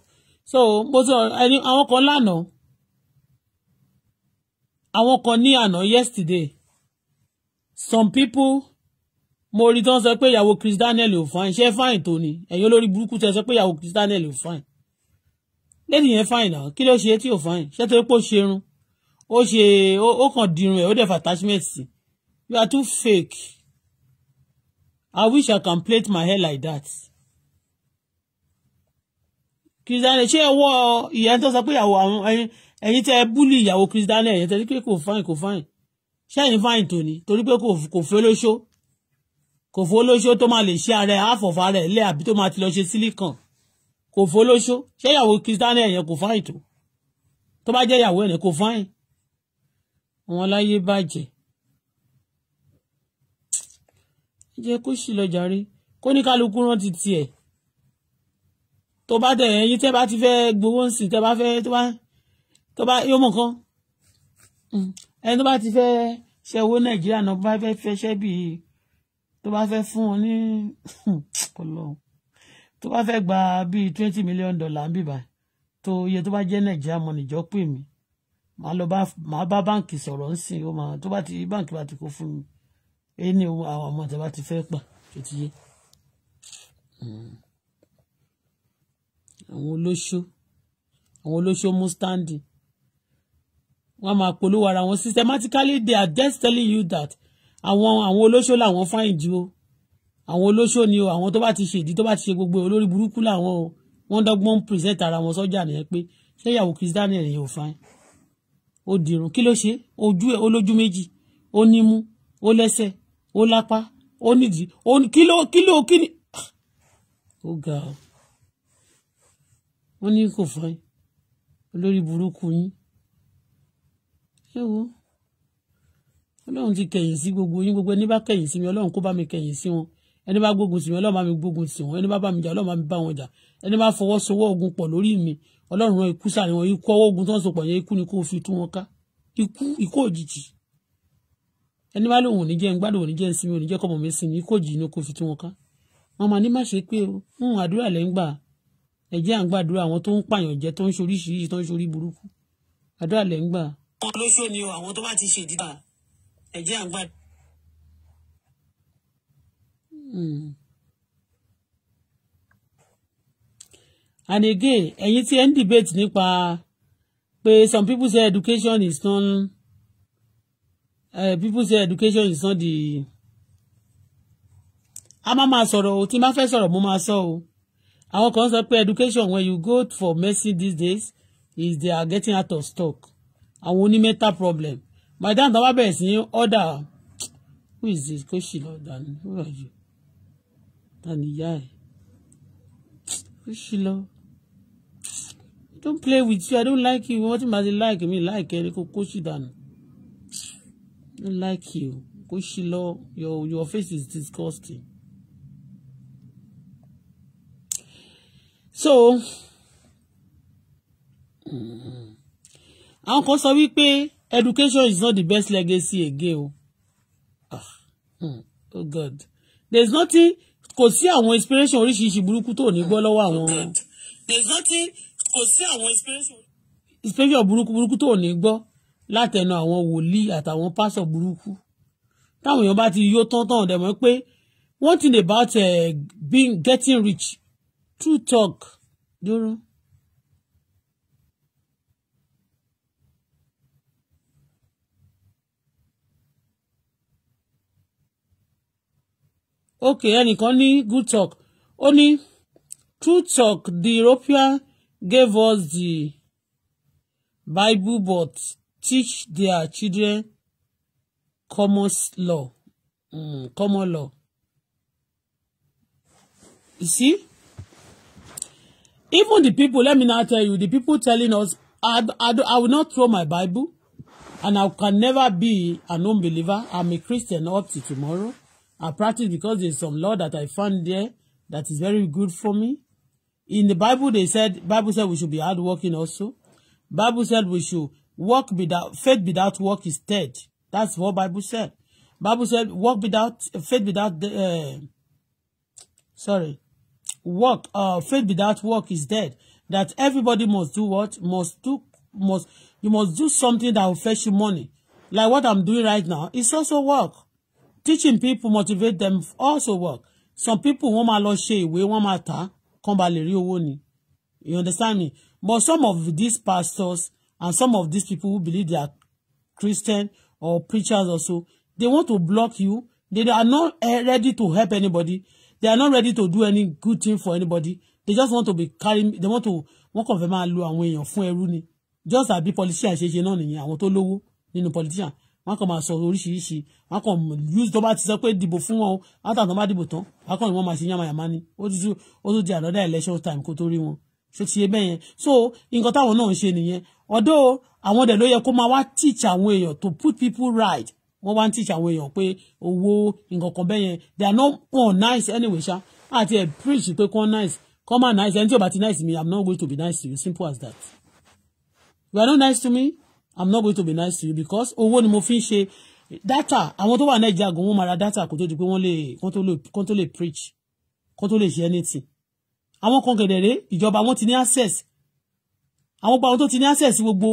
so mo sọ ẹni àwọn kan lánàá àwọn kan ní àná yesterday some people mo rí tán sọ pé ìyàwó Chris Daniel ò fine ṣé fine tó ni ẹ̀yin olórí burúkú tẹ sọ pé ìyàwó Chris Daniel ò fine lẹ́yìn yẹn fine náà kí ló ṣe tí ò fine ṣé torí pé ó ṣe irun ó ṣe ó kàn dirun ẹ̀ ó dẹ̀ fà attachment sí you are too fake I wish I can plait my hair like that Chris Daniel ṣé ọwọ́ ìyá tó sọ pé ìyàwó àwọn ẹ̀yin tẹ búlì ìyàwó Chris Daniel ẹ̀yin tẹ ní pé kò fine kò fine ṣé ẹ̀yin fine tó ni torí pé kò fẹ́ lóṣó kò fọlọ́ṣọ́ tó máa lè ṣe ara ẹ̀ àfọ̀fà rẹ̀ lẹ́ àbí tó máa ti lọ ṣe sílíkàn kò fọlọ́ṣọ́ ṣé ìyàwó kìrìsìtánì ẹ̀yẹn kò fáìn tó tó bá jẹ́ ìyàwó ẹ̀yẹn kò fáìn wọn láyé bàjẹ́ jẹ́ kó sì lọ jàre kó ní kálukú rántí tiẹ̀ tó bá tẹ̀ ẹ̀yin tẹ́ bá ti fẹ́ gbowó ń sìn tẹ́ bá fẹ́ tó bá tó bá yóò mọ̀ kán hmm. ẹni tó bá ti fẹ́ ṣẹ́wó nàìjíríà náà bá fẹ́ fẹ́ ṣẹ́ bíi tó bá fẹ́ fún wọn ní hmm, ọlọ́run tó bá fẹ́ gba bíi twenty million dollar ń bìbà tó iye tó bá jẹ́ nàìjíríà mọ̀ níjọ́ pè mí màá lọ bá màá bá báǹkì sọ̀rọ̀ ńsìn ó máa tó bá ti báǹkì bá ti kó fún mi èyí ni àwọn ọmọ tó bá ti fẹ́ pa tó ti yé hmm. àwọn olóṣó àwọn olóṣó mú standing wọn máa polówó ara wọn systematically they are just telling you that àwọn àwọn olóṣó làwọn fáìn jù o àwọn olóṣó ni o àwọn tó bá ti ṣèdí tó bá ti ṣe gbogbo olórí burúkú làwọn o wọ́n dọ́gbọ́n ń present ara wọn sọ́jà nìyẹn pé ṣé ìyàwó kristiani ẹ̀yìn ò fáìn ó dirun kí ló ṣe ojú ẹ̀ olójú méjì ó nímú ó lẹ́sẹ̀ ó lápá ó nídìí ó kí ló kí ló kí ni. ó ga ọ wọ́n ní kò fáìn olórí burúkú yín ẹ wo ọlọ́run ti kẹ̀yìn sí gbogbo yín gbogbo ẹni bá kẹ̀yìn sí mi ọlọ́run kó bá mi kẹ̀yìn sí wọn ẹni bá gbógun sí mi ọlọ́run bá mi gbógun sí wọn ẹni bá bá mi jà ọlọ́run bá mi bá wọn jà ẹni bá fọwọ́ sowọ́ ogun pọ̀ lórí mi ọlọ́run rán ikú sàrẹ̀ wọn ikú ọwọ́ ogun tó ń sopọ̀ yẹn ikú ni kó fi tú wọn ká ikú ikú òjijì ẹni bá lóun ò ní jẹ́ gbádùn ò ní jẹ́ sinmi ò ní jẹ́ kọ́mọ mi sinmi ikú òjijì ni kó fi tú wọn ká wọn máa ní má ṣe pé ń àdúrà lẹ́ ń gbà ẹ̀jẹ̀ à ń àwọn tó ń pààyàn jẹ tó ń ṣoríṣiríṣi tó ń ṣorí burúkú àdúrà lẹ́ ń gbà. àwọn olóṣèlú ni àwọn tó bá ti ṣèdíjà nàìjíríà ń gbà. and again ẹ̀yin tí ẹ ń debate nípa pé some people say education is not uh, people say education is not the a máa máa sọ̀rọ̀ o tí n bá fẹ́ sọ̀rọ̀ mo máa sọ o àwọn kan sọ pé education when you go for medicine these days is they are getting out of stock àwọn oní mental problem by the time tí wọ́n bá bẹ̀rẹ̀ sí ọ́dà who is this kó sì lọ dání who are you dání ìyá ẹ̀ kó sì lọ don't play with you i don't like you wọ́n ti máa ti like me like ẹni kó kó sì dànù i don't like you kó sì lọ your your face is disgusting. so mm, àwọn kan sọ wípé education is not the best legacy again o ah hmm. oh god there is nothing kò sí àwọn inspiration oríṣiríṣi burúkú tó ní gbọ́ lọ́wọ́ àwọn oh there is nothing kò sí àwọn inspiration inspiration burúkú burúkú tó ní gbọ́ látẹnu àwọn wòlíì àtàwọn pásọ burúkú táwọn èèyàn bá ti yó tán tán ọ̀dẹ̀ mọ́ pé one thing about uh, being getting rich true talk dúró. You know? okay ẹnìkan ní good talk ó ní true talk the European gave us the Bible but teach their children common law mm, common law you see even the people let me now tell you the people telling us I, I, I will not throw my Bible and I can never be an unbeliever I'm a Christian up to tomorrow I practice because there's some law that I found there that is very good for me. In the Bible, they said, Bible said we should be hardworking also. Bible said we should work without, faith without work is dead. That's what Bible said. Bible said work without, faith without, the, uh, sorry, work, uh, faith without work is dead. That everybody must do what? Must do, must, you must do something that will fetch you money. Like what I'm doing right now, it's also work teaching people motivate them also work some people wọ́n máa lọ ṣe ìwé wọ́n máa tà kán ba lè rí owó ni you understand me but some of these pastors and some of these people who believe they are Christian or preachers also they want to block you they are not eh, ready to help anybody they are not ready to do any good thing for anybody they just want to be carrying they want to wọ́n kàn fẹ́ máa lo àwọn èèyàn fún ẹrú ni just àbí politician ṣe ṣe náà nìyẹn àwọn tó lówó nínú politician wọn kàn máa sọ oríṣiríṣi wọn kàn use tó bá ti sọ pé dìbò fún wọn o látà tó bá dìbò tán wọn kàn ní wọn máa ṣe yamayama ni ó ti tún di another election time kó tó rí wọn ṣe ti ṣe bẹ́ẹ̀ yẹn so nǹkan táwọn náà ń ṣe nìyẹn ọ̀dọ́ àwọn ọ̀dẹ̀ ló yẹ kó máa wá teach àwọn èèyàn to put people right wọ́n wá ń teach àwọn èèyàn pé owó nǹkan kan bẹ́ẹ̀ yẹn they are not on nice anyway ṣá àti ẹ̀ preach pé kàn nice kàn máa nice ẹni tí ò bá ti nice mi i'm not going to be nice to you simple as that you are not nice to me i'm not going to be nice to you because owó ni mo fi ń ṣe data àwọn tó wà nàìjíríà gan wọn máa ra data kó tó di pé wọn lè kó tó lè preach kó tó lè ṣe anything àwọn kan gẹ̀dẹ̀rẹ́ ìjọba wọn ti ní access àwọn pa àwọn tó ti ní access gbogbo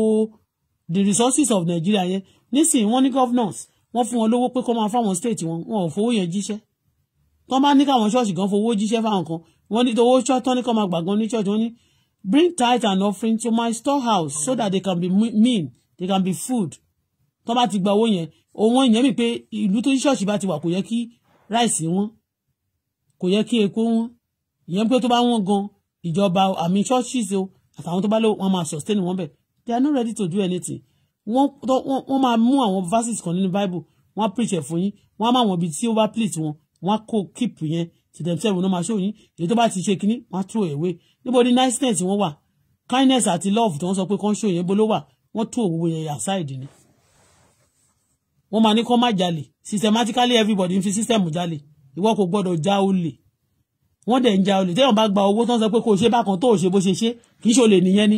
the resources of Nigeria yẹn nísìnyí wọn ní governors wọn fún wọn lówó pé kó máa fáwọn state wọn wọn ò fowó yẹn jíṣẹ́ tó bá ní káwọn ṣọ́ọ̀ṣì gan fowó jíṣẹ́ fáwọn kan wọn ní owó ṣọ́ tán ní kó máa gbà ní church wọn ní bring tithe and offering to my storehouse so that they can be mean they can be fooled tó bá ti gba owó yẹn owó yẹn mi pé ìlú tó ní ṣọ́ọ̀ṣì bá ti wà kò yẹ kí ráìsì wọn kò yẹ kí epo wọn ìyẹn pé tó bá wọn gan ìjọba àmì churches o àtàwọn tó bá lọ wọn máa sustain wọn bẹ they are not ready to do anything wọn wọn máa mú àwọn verses kan nínú bible wọn preach ẹ fún yín wọn á má wọn bí tí ó bá please wọn wọn á kó keep yẹn to themselves wọn máa ṣó yín èyí tó bá ti ṣe kínní wọn á throw away níbo ni niceness wọn wà kindness àti love tó ń sọ pé kán ṣó yẹn bó ló wà wọ́n tú òwúwo yẹn aside ni wọ́n máa ní kó má jalè systematically everybody ń fi system jalè ìwọ kò gbọ́dọ̀ já olè wọ́n dẹ̀ ń já olè téèyàn bá gba owó tán sọ pé kò ṣe bákan tó ò ṣe bó ṣe ṣe kì í ṣe olè nìyẹn ni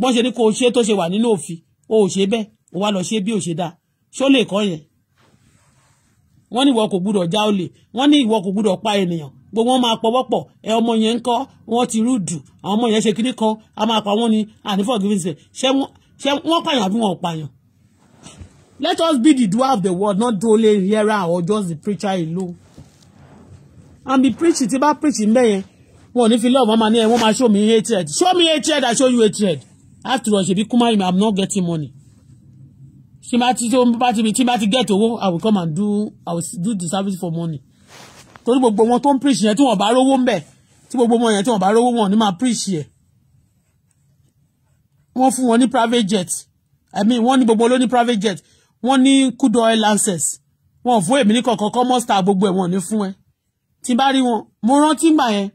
bọ́n ṣe ní kò ṣe tó ṣe wà nínú òfin o ò ṣe bẹ́ẹ̀ o wá lọ ṣe bí ò ṣe dáa ṣó lè kọ́ yẹn wọ́n ní ìwọ kò gbọ́dọ̀ já olè wọ́n ní ìwọ kò gbọ́dọ̀ pa ènìyàn gbogbo wọn máa pọwọ́pọ̀ ẹ ọmọ yẹn ń kọ́ wọ́n ti rúdù àwọn ọmọ yẹn ṣe kíní kan a máa pa wọ́n ní ànífọ̀gífẹ́sẹ̀ ṣé wọ́n ṣé wọ́n pààyàn àbí wọn ò pààyàn let us be the doer of the word not the only hearer or just the preacher alone and be preaching tí bá preach mẹ́yẹn wọn ò ní fi lọ́ọ̀bù wọn máa ní ẹ wọ́n máa show me hatred show me hatred I show you hatred after all ṣebí kúmárì mi I'm not getting money tí bá ti tí bá ti get owó I will come and do I will do the service for money torí gbogbo wọn tó ń preach yẹn tí wọn bá rówó ń bẹ tí gbogbo wọn yẹn tí wọn bá rówó wọn ò ní máa preach yẹn wọ́n fún wọn ní private jet i mean wọ́n ní gbogbo ló ní private jet wọ́n ní kudo air lances wọn ò fún èmi ní kankan common star gbogbo ẹ̀ wọ́n ní fún ẹ tí bá rí wọn mo rántí gbà yẹn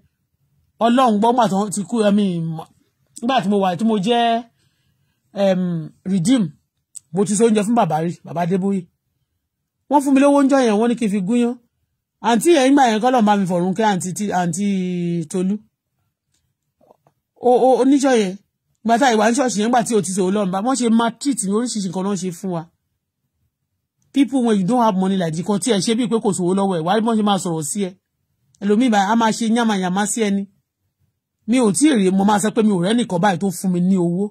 ọlọ́run gbọ́ gbà tó ti kú ẹ̀mí nígbà tí mo wà tí mo jẹ́ redeem mo ti so oúnjẹ fún bàbá rí bàbá débóyè wọ́n fún mi lówó oúnjẹ yẹn wọ́n ní kí n fi gúnyán àǹtí yẹn nígbà yẹn kọ́lọ̀ máa mi fọ̀rùn kẹ́ àǹtí tolú oníṣọ́ yẹn ìgbà tá ìwà ní ṣọ́ọ̀ṣì yẹn gbà tí o ti sọ̀rọ̀ lọ́nba wọ́n ṣe máa treat ní oríṣiríṣi nǹkan náà ṣe fún wa people when you don't have money like nǹkan tí ẹ ṣe bíi pé kò sówó lọ́wọ́ ẹ̀ wá bí wọ́n ṣe máa sọ̀rọ̀ sí ẹ ẹlòmíì bá a máa ṣe yàmàyàmá sí ẹni mi ò tí ì rí mo máa sọ pé mi ò rẹ́ nìkan báyìí tó fún mi ní owó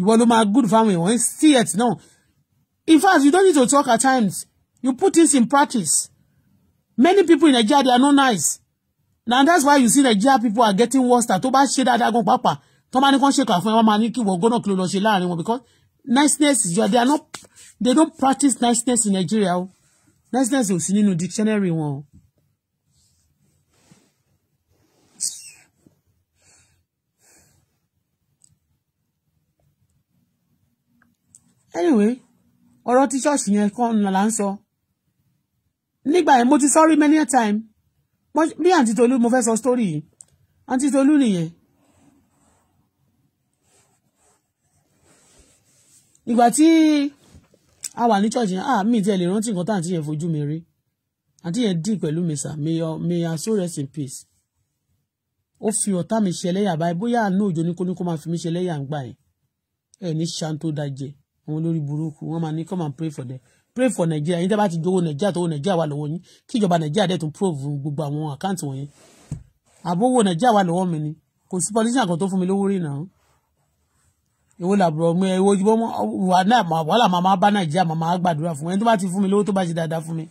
ìwọ ló máa good fáwọn èèyàn sí ẹ̀ náà in fact you don't need to talk at times you put things in practice many people in Nigeria they are not nice and that's why you see Nigeria people are getting worse tó bá ṣe dáadáa gan pàápàá tó bá ní kán ṣèkà fún ẹ wọn máa ní kí wọ́n gbọ́dọ̀ kí ló lọ ṣe láàrin wọn because niceness is your they are not they don't practice niceness in Nigeria o niceness ò sí nínú dictionary wọn o. anyway ọ̀rọ̀ tí ṣọ́ọ̀ṣì yẹn kan là ń sọ nígbà yẹn mo ti sọ́rí many a time bí àǹtí Tolú mo fẹ́ sọ story yìí àǹtí Tolú nìyẹn ìgbà tí a wà ní church yẹn ah mi tiẹ̀ lè rántí nǹkan tá àǹtí yẹn fojú mi rí àǹtí yẹn dì pẹ̀lú mi sà may her soul rest in peace ó fi ọ̀tá mi ṣẹlẹ́yà báyìí bóyá àánú òjò ní kóní kó máa fi mí ṣẹlẹ́yà ń gbà yẹn ẹ ní ṣàǹtó dájẹ àwọn olórí burúkú wọn máa ní come and pray for them pray for Nigeria yín tẹ́ bá ti jówó Nigeria tó wọ Nigeria wà lọ́wọ́ yín kí ìjọba Nigeria dẹ̀ tún prove gbogbo àwọn àkáǹtì wọ̀nyẹn àbówó Nigeria wà lọ́wọ́ mi ni kò sí politician kan tó fún mi lówó rí náà èwo làbúrò mi èwo ojúbọ mọ wà náà wàhálà máa máa bá nàìjíríà máa máa gbàdúrà fún ẹni tó bá ti fún mi lówó tó bá ṣe dáadáa fún mi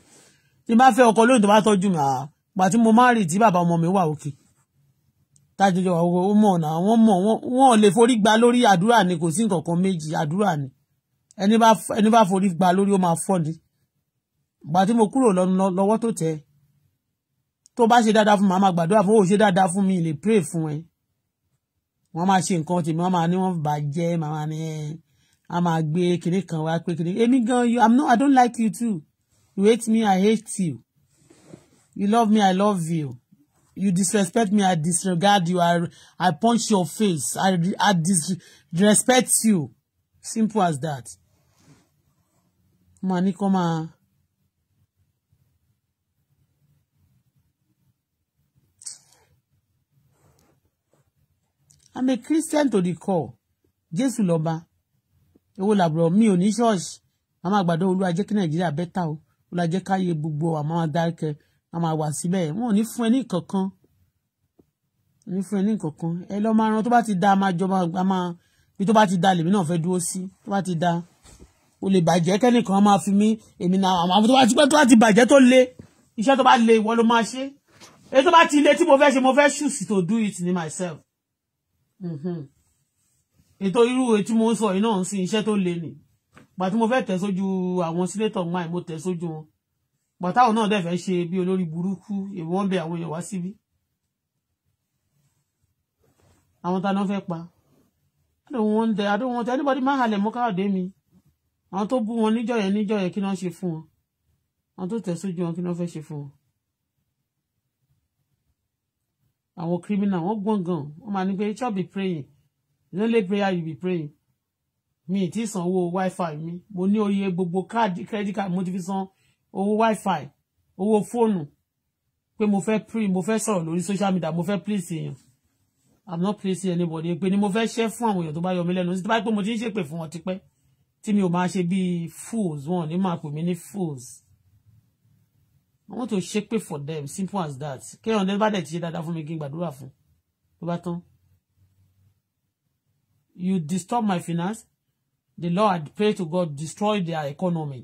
tí n bá fẹ́ ọkọ lóyún tó bá tọ́jú mi àá gbà tí mo máa rì tí bàbá ọmọ mi wà òkè tájọjọ wà ó mọ ọ̀nà wọn mọ wọn lè forí gba lórí àdúrà ni kò sí nǹkan kan méjì àdúrà ni ẹni bá ẹni bá forí gba lórí ó máa fọ́ ni gbà mo kúrò lọ́wọ́ tó tẹ tó bá ṣe dáadáa fún mi lè pray wọ́n máa ṣe nǹkan tèmi wọ́n máa ní wọ́n bàjẹ́ màmá ni a máa gbé kinní kan wá pé kinní èmi gan you i'm not i don't like you too you hate me i hate you you love me i love you you disrespect me i disregard you i i punch your face i i disrespect you simple as that. mo máa ní kó máa. I'm a Christian to the core Jésù lọ́ba èwo làbúrò mi ò ní ṣọ́ọ̀ṣì màmá àgbàdo olúwa jẹ́ kí Nàìjíríà bẹ́tà o olúwa jẹ́ káyé gbogbo àmọ́ adákẹ́ àmọ́ àwà síbẹ̀ wọn ò ní fún ẹ ní kankan ní fún ẹ ní kankan ẹ lọ máa ran tó bá ti da máa jọba a máa bí tó bá ti da lèmi náà fẹ́ dúró sí tó bá ti da o lè bàjẹ́ kẹ́nìkan máa fi mí èmi náà àwọn tó bá ti pẹ́ tó bá ti bàjẹ́ tó le iṣẹ́ tó bá le ìwọ ló máa ṣe èyí tó bá ti le tí mo fẹ́ ṣe mo fẹ́ choose to do it ní myself Mm-hmm. ètò irú etí mo ń sọ yìí náà ń sin iṣẹ́ tó le nì pàtí mo fẹ́ tẹ̀ sójú àwọn sínétọ̀ máì mo tẹ̀ sójú wọn pàtàwọn náà dẹ̀ fẹ́ ṣe bí olórí burúkú èmi wọ́n bẹ àwọn èèyàn wá síbí àwọn ta náà fẹ́ pa I don't want I don't want anybody má halẹ̀ mọ́ káàdé mi àwọn tó bú wọn níjọ́ yẹn níjọ́ yẹn kí náà ṣe fún wọn àwọn tó tẹ̀ wọn kí náà fẹ́ ṣe fún wọn. àwọn criminal wọn gbọ́n gan wọn máa ní pé chop be praying the only prayer you be praying mi ì tí sanwó wifi mi mo ní oye gbogbo káàdì credit card mo ti fi san owó wifi owó fóònù pé mo fẹ́ pray mo fẹ́ sọ̀rọ̀ lórí social media mo fẹ́ please èèyàn i'm not pleasing anybody pé ni mo fẹ́ ṣe fún àwọn èèyàn tó bá yọ mí lẹ́nu sí tó bá pé mo ti ń ṣèpè fún wọn tipẹ́ tí mi ò máa ṣe bíi fools wọn ní máa pè mí ní fools I want to shake ṣépè for them simple as that kéèyàn ọ̀dẹ́ bá dẹ̀ ti ṣe dáadáa fún mi kí n gbàdúrà fún tó bá tán. You disturb my finance the Lord pray to God destroy their economy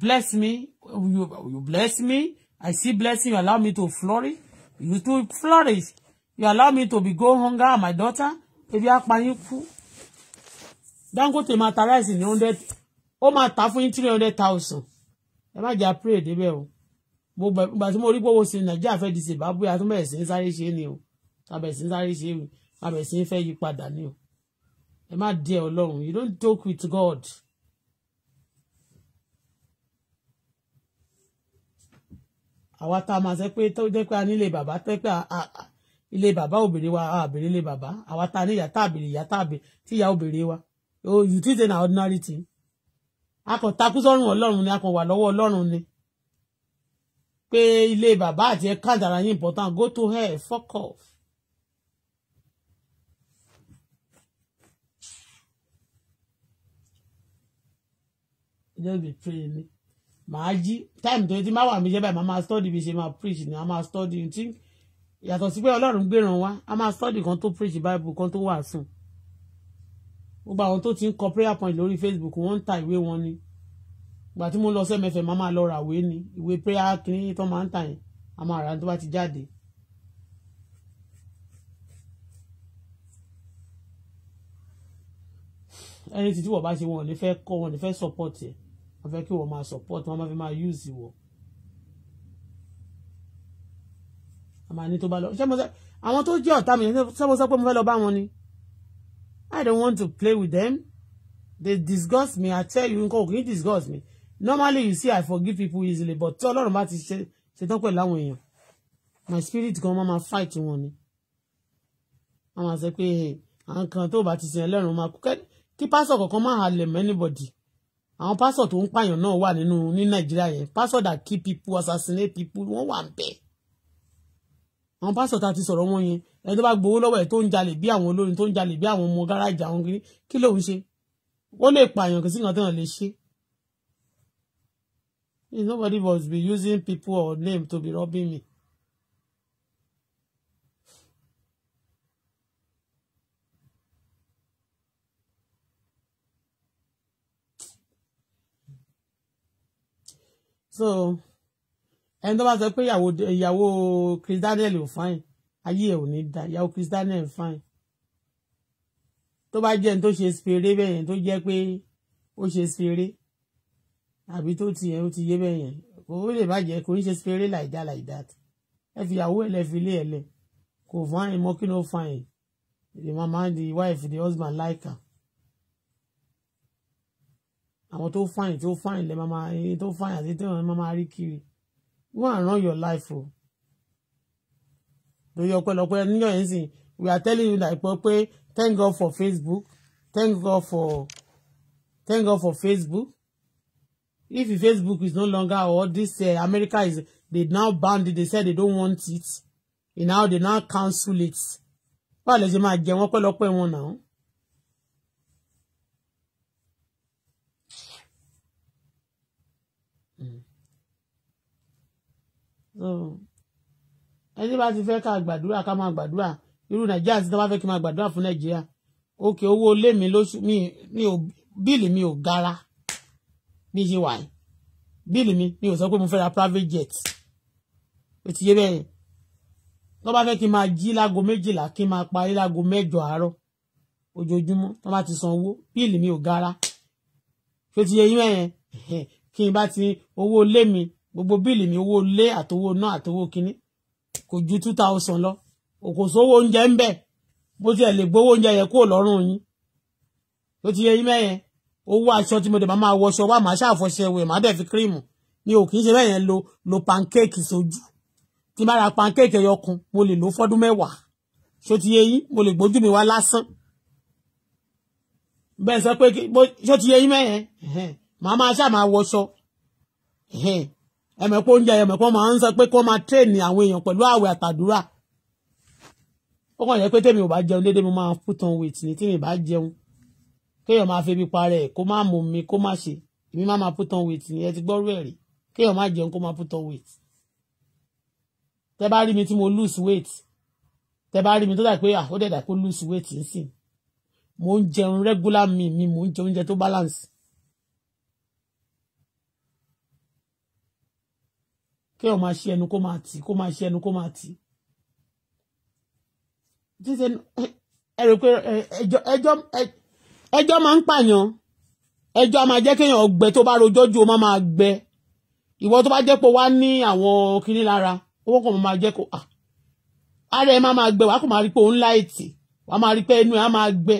bless me you, you bless me I see blessing you allow me to flourish you to flourish you allow me to be go hunger my daughter if ebi apanyin kú Dangote máa ta rice ní hundred ó máa ta fún yín three hundred thousand. ẹ má jà pray débẹ̀ o gbogbo ìgbà tí mo rí sí nàìjíríà fẹ́ di sí ń sáré ṣe ni o sí ń sáré ṣe sí ń fẹ́ yí padà ni o ẹ má ọlọ́run you don't talk with God. àwa tá a máa pé tó jẹ́ pé a nílé bàbá tó pé ilé bàbá wa àbèrè ilé bàbá àwa tá a ní ìyá tá ìyá tá wa oh, you na ordinary thing a kàn takú sọ́rùn ọlọ́run ni a kàn wà lọ́wọ́ ọlọ́run ni pé ilé bàbá àti ẹ kádàrá yín important go to hell fuck off. just be praying ni màá jí time tó ti máa wà mí jẹ́ báyìí màá máa study bí ṣe máa preach ni a máa study tí yàtọ̀ sí pé ọlọ́run gbéràn wá a máa study kan tó preach bible kan tó wàásù gbogbo àwọn tó ti ń kọ prayer point lórí Facebook wọ́n ń ta ìwé wọn ni ìgbà tí mo lọ sẹ́mẹ̀fẹ̀ máa máa lọ ra ìwé ni ìwé prayer kìíní tó máa ń tà yẹn a máa rà tó bá ti jáde. ẹni tí tí wọ́n bá ṣe wọn ò ní fẹ́ kọ́ wọn ò ní fẹ́ support ẹ̀ wọ́n fẹ́ kí wọ́n máa support wọ́n máa fi máa use wọ́n. àmọ́ àní tó bá lọ ṣé mo sẹ́ àwọn tó jẹ́ ọ̀tá mi ṣé mo sọ pé mo fẹ́ lọ bá wọn ni. I don't want to play with them. They disgust me. I tell you, nǹkan ò disgust me. Normally, you see, I forgive people easily, but tí Ọlọ́run bá ti ṣe ṣetán pẹ̀lú àwọn èèyàn. My spirit gan máa fight wọn ni. Wọ́n máa sọ pé àwọn kan tó bá ti sin Ọlọ́run máa kú kí pásọ̀ kankan máa halẹ̀ anybody. I'm pásọ̀ tó ń pààyàn náà wà nínú ní Nigeria. yẹn. Pásọ̀ that keep people, assassinate people, One one pay. I'm Àwọn pásọ̀ tá a ti sọ̀rọ̀ wọn ẹni tó bá gbowó lọ́wọ́ ẹ̀ tó ń jalè bí àwọn olórin tó ń jalè bí àwọn ọmọ gáràjì àwọn kiri kí lòun ṣe wọ́n lè pààyàn kì sí nǹkan lè ṣe. nobody must be using people or name to be robbing me. so ẹni tó bá sọ pé ìyàwó ìyàwó Chris Daniel ò fáyìn ayé ẹ ò ní da ìyàwó kristiani ẹ ń fine tó bá jẹ́ ní tó ṣe spere bẹ́ẹ̀ yẹn tó jẹ́ pé ó ṣe spere àbí tó ti yẹn ó ti yé bẹ́ẹ̀ yẹn kò ó lè bàjẹ́ kò ń ṣe spere like that like that ẹ fi ìyàwó ẹ lẹ fi ilé ẹ lẹ kò fine mọ́ kí ló fine the mama the wife the husband like am àwọn tó fine tó fine lẹ máa tó fine àti tó Mama rí kiri you wan your life o. Oh lórí ọpẹ́lọpẹ́ níyàn yẹn sìn we are telling you láìpẹ́ pé thank God for Facebook thank God for thank God for Facebook if Facebook is no longer or this uh, America is they now banned it they said they don't want it and now they now cancel it báwo lè ṣe máa jẹ wọn pẹ́lọpẹ́ wọn náà. Hmm. So ẹni bá ti fẹ́ ká gbàdúrà ká máa gbàdúrà irú nàìjíríà ti tán bá fẹ́ kí máa gbàdúrà fún nàìjíríà òkè owó ilé mi lóṣù mi mi ò bíìlì mi ò gara bí ṣe wà bíìlì mi mi ò sọ pé mo fẹ́ ra private jet ó ti bẹ́ẹ̀ tó bá fẹ́ kí n máa jí láago méjìlá kí n máa parí láago mẹ́jọ àárọ̀ ojoojúmọ́ tó bá ti san owó bíìlì mi ò gara ó ti yé kí n bá ti owó ilé mi gbogbo bíìlì mi owó ilé àtowó náà àtowó kínní kò ju two thousand lọ òkò sówó oúnjẹ ń bẹ bó tiẹ̀ lè gbowó oúnjẹ yẹn kúrò lọ́rùn yín ló ti yẹ yín mẹ́yẹn owó aṣọ tí mo dẹ̀ máa wọ aṣọ màá ṣàfọṣẹ wẹ̀ màá dẹ̀ fi kírímù mi ò kì í ṣe bẹ́ẹ̀ lo lo pancake sójú tí bá ra pancake ẹyọ kan mo lè lò fọ́dún mẹ́wàá ṣó ti yẹ yín mo lè gbójú mi wá lásán bẹ́ẹ̀ sọ pé ṣó ti yẹ yín mẹ́yẹn màá máa ṣáà wọṣọ ẹ̀mẹ̀pọ̀ oúnjẹ ẹ̀mẹ̀pọ̀ máa ń sọ pé kó máa tẹ́ẹ̀nì àwọn èèyàn pẹ̀lú àwẹ̀ àtàdúrà ó kàn yẹ pé tèmi ò bá jẹun déédéé mo máa put on weight ní tèmi bá jẹun kéèyàn máa febi parẹ́ kó má mú mi kó má ṣe èmi má máa put on weight ní ẹ ti gbọ́ rú ẹ̀rí kéèyàn má jẹun kó má put on weight tẹ bá rí mi tí mo lose weight tẹ bá rí mi tó dà pé ó dẹ̀ dà pé lose weight ń sìn mo ń jẹun regular mi mi mo ń jẹ oúnjẹ tó balance kéèyàn máa ṣe ẹnu kó máa tì kó máa ṣe ẹnu kó máa tì jíṣe ẹ rò pé ẹjọ́ ẹjọ́ ẹjọ́ máa ń pààyàn ẹjọ́ a máa jẹ́ kéèyàn gbẹ tó bá rojọ́ ju o máa máa gbẹ ìwọ tó bá jẹ́ pé wá ní àwọn kinní lára owó kan máa jẹ́ kó ara ẹ máa máa gbẹ wàá kò máa rí pé òun láìtì wàá máa rí pé ẹnu ẹ á máa gbẹ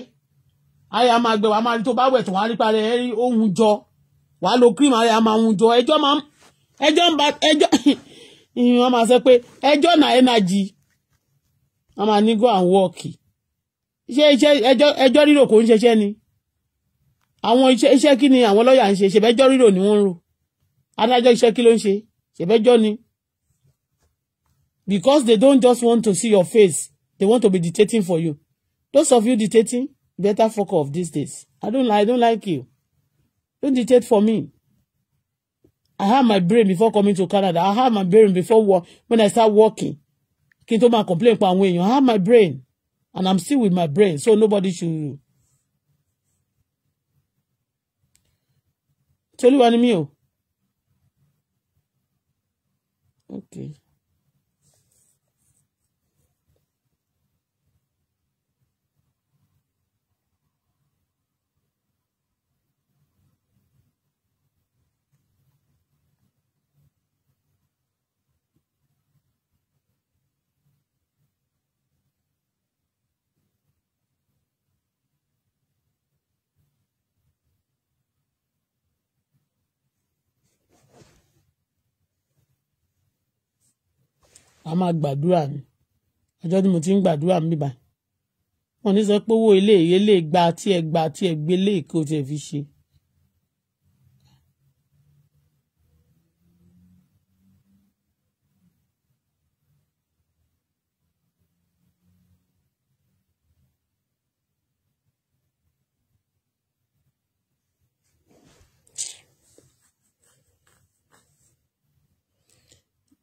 ara ẹ máa gbẹ wàá máa rí tó bá wẹ̀ tó wàá rí pé ara ẹ ohun jọ wàá lo cream ara ẹ á máa hun jọ ẹjọ́ máa ń ẹjọ́ ń ba ẹjọ́ wọ́n máa sọ pé ẹjọ́ na energy wọ́n máa ní go and work ṣé iṣẹ́ ẹjọ́ ẹjọ́ rírò kò ń ṣeṣẹ́ ni àwọn iṣẹ́ iṣẹ́ kí ni àwọn lọ́ọ̀yà ń ṣe ṣèbẹ́jọ́ rírò ni wọ́n ń rò adájọ́ iṣẹ́ kí ló ń ṣe ṣèbẹ́jọ́ ni because they don't just want to see your face they want to be dictating for you those of you dictating better fuck off these days i don't like i don't like you don't dictate for me I had my brain before coming to Canada. I had my brain before work when I start working. Kí n tó máa complain pa àwọn èèyàn. I had my brain and I'm still with my brain so nobody should. Tell you what I mean. Okay. màá máa gbàdúrà mi ọjọ́ tí mo ti ń gbàdúrà mi báyìí wọn ní sọ pé owó ilé ìyẹlé gba tí ẹ gba tí ẹ gbé lé ìkó tí ẹ fi ṣe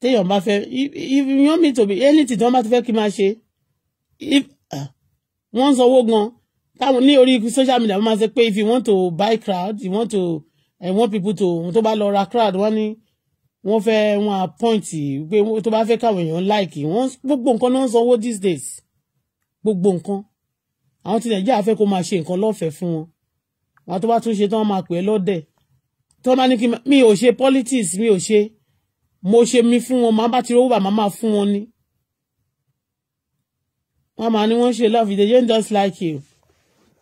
téèyàn bá fẹ́ if you want me to be anything tí wọ́n bá ti fẹ́ kí n máa ṣe if ah, wọ́n ń sanwó gan táwọn ní orí social media wọ́n máa ṣe pé if you want to buy crowd you want to I eh, want people to tó bá lọ ra crowd wọ́n ní wọ́n fẹ́ wọn appoint pé tó bá fẹ́ káwọn èèyàn like wọ́n gbogbo nǹkan náà ń sanwó these days gbogbo nǹkan àwọn ti nàìjíríà fẹ́ kó máa ṣe nǹkan lọ́fẹ̀ẹ́ fún wọn àwọn tó bá tún ṣe tán máa pè é lọ́dẹ̀ tó bá ní kí mi ò ṣe politics mi ò ṣe mo ṣe mi fún wọn màá bá ti rówó bà màá máa fún wọn ni wọn máa ní wọn ṣe love you they don't just like you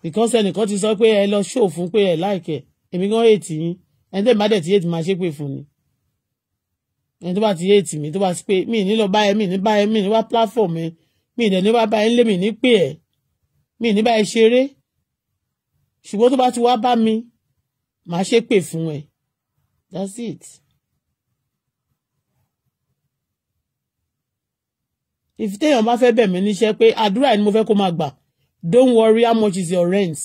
because ẹnìkan ti sọ pé ẹ lọ ṣó fún pé ẹ láìkẹ èmi gan èètì yín ẹni tẹ́lẹ̀ bá dẹ̀ ti èètì máa ṣépè fún ni ẹni tó bá ti èètì mi tó bá ti pé mi ní lọ bá ẹ mi ní bá ẹ mi ní wá platform ẹ mi ìdẹ̀ ní wá bá ẹ ńlé mi ní pè ẹ mi ní bá ẹ ṣeré ṣùgbọ́n tó bá ti wá bá mi màá ṣépè fún ẹ that's it. if téèyàn bá fẹ́ bẹ̀ mí níṣẹ́ pé àdúrà ni mo fẹ́ kó máa gbà don't worry how much is your rent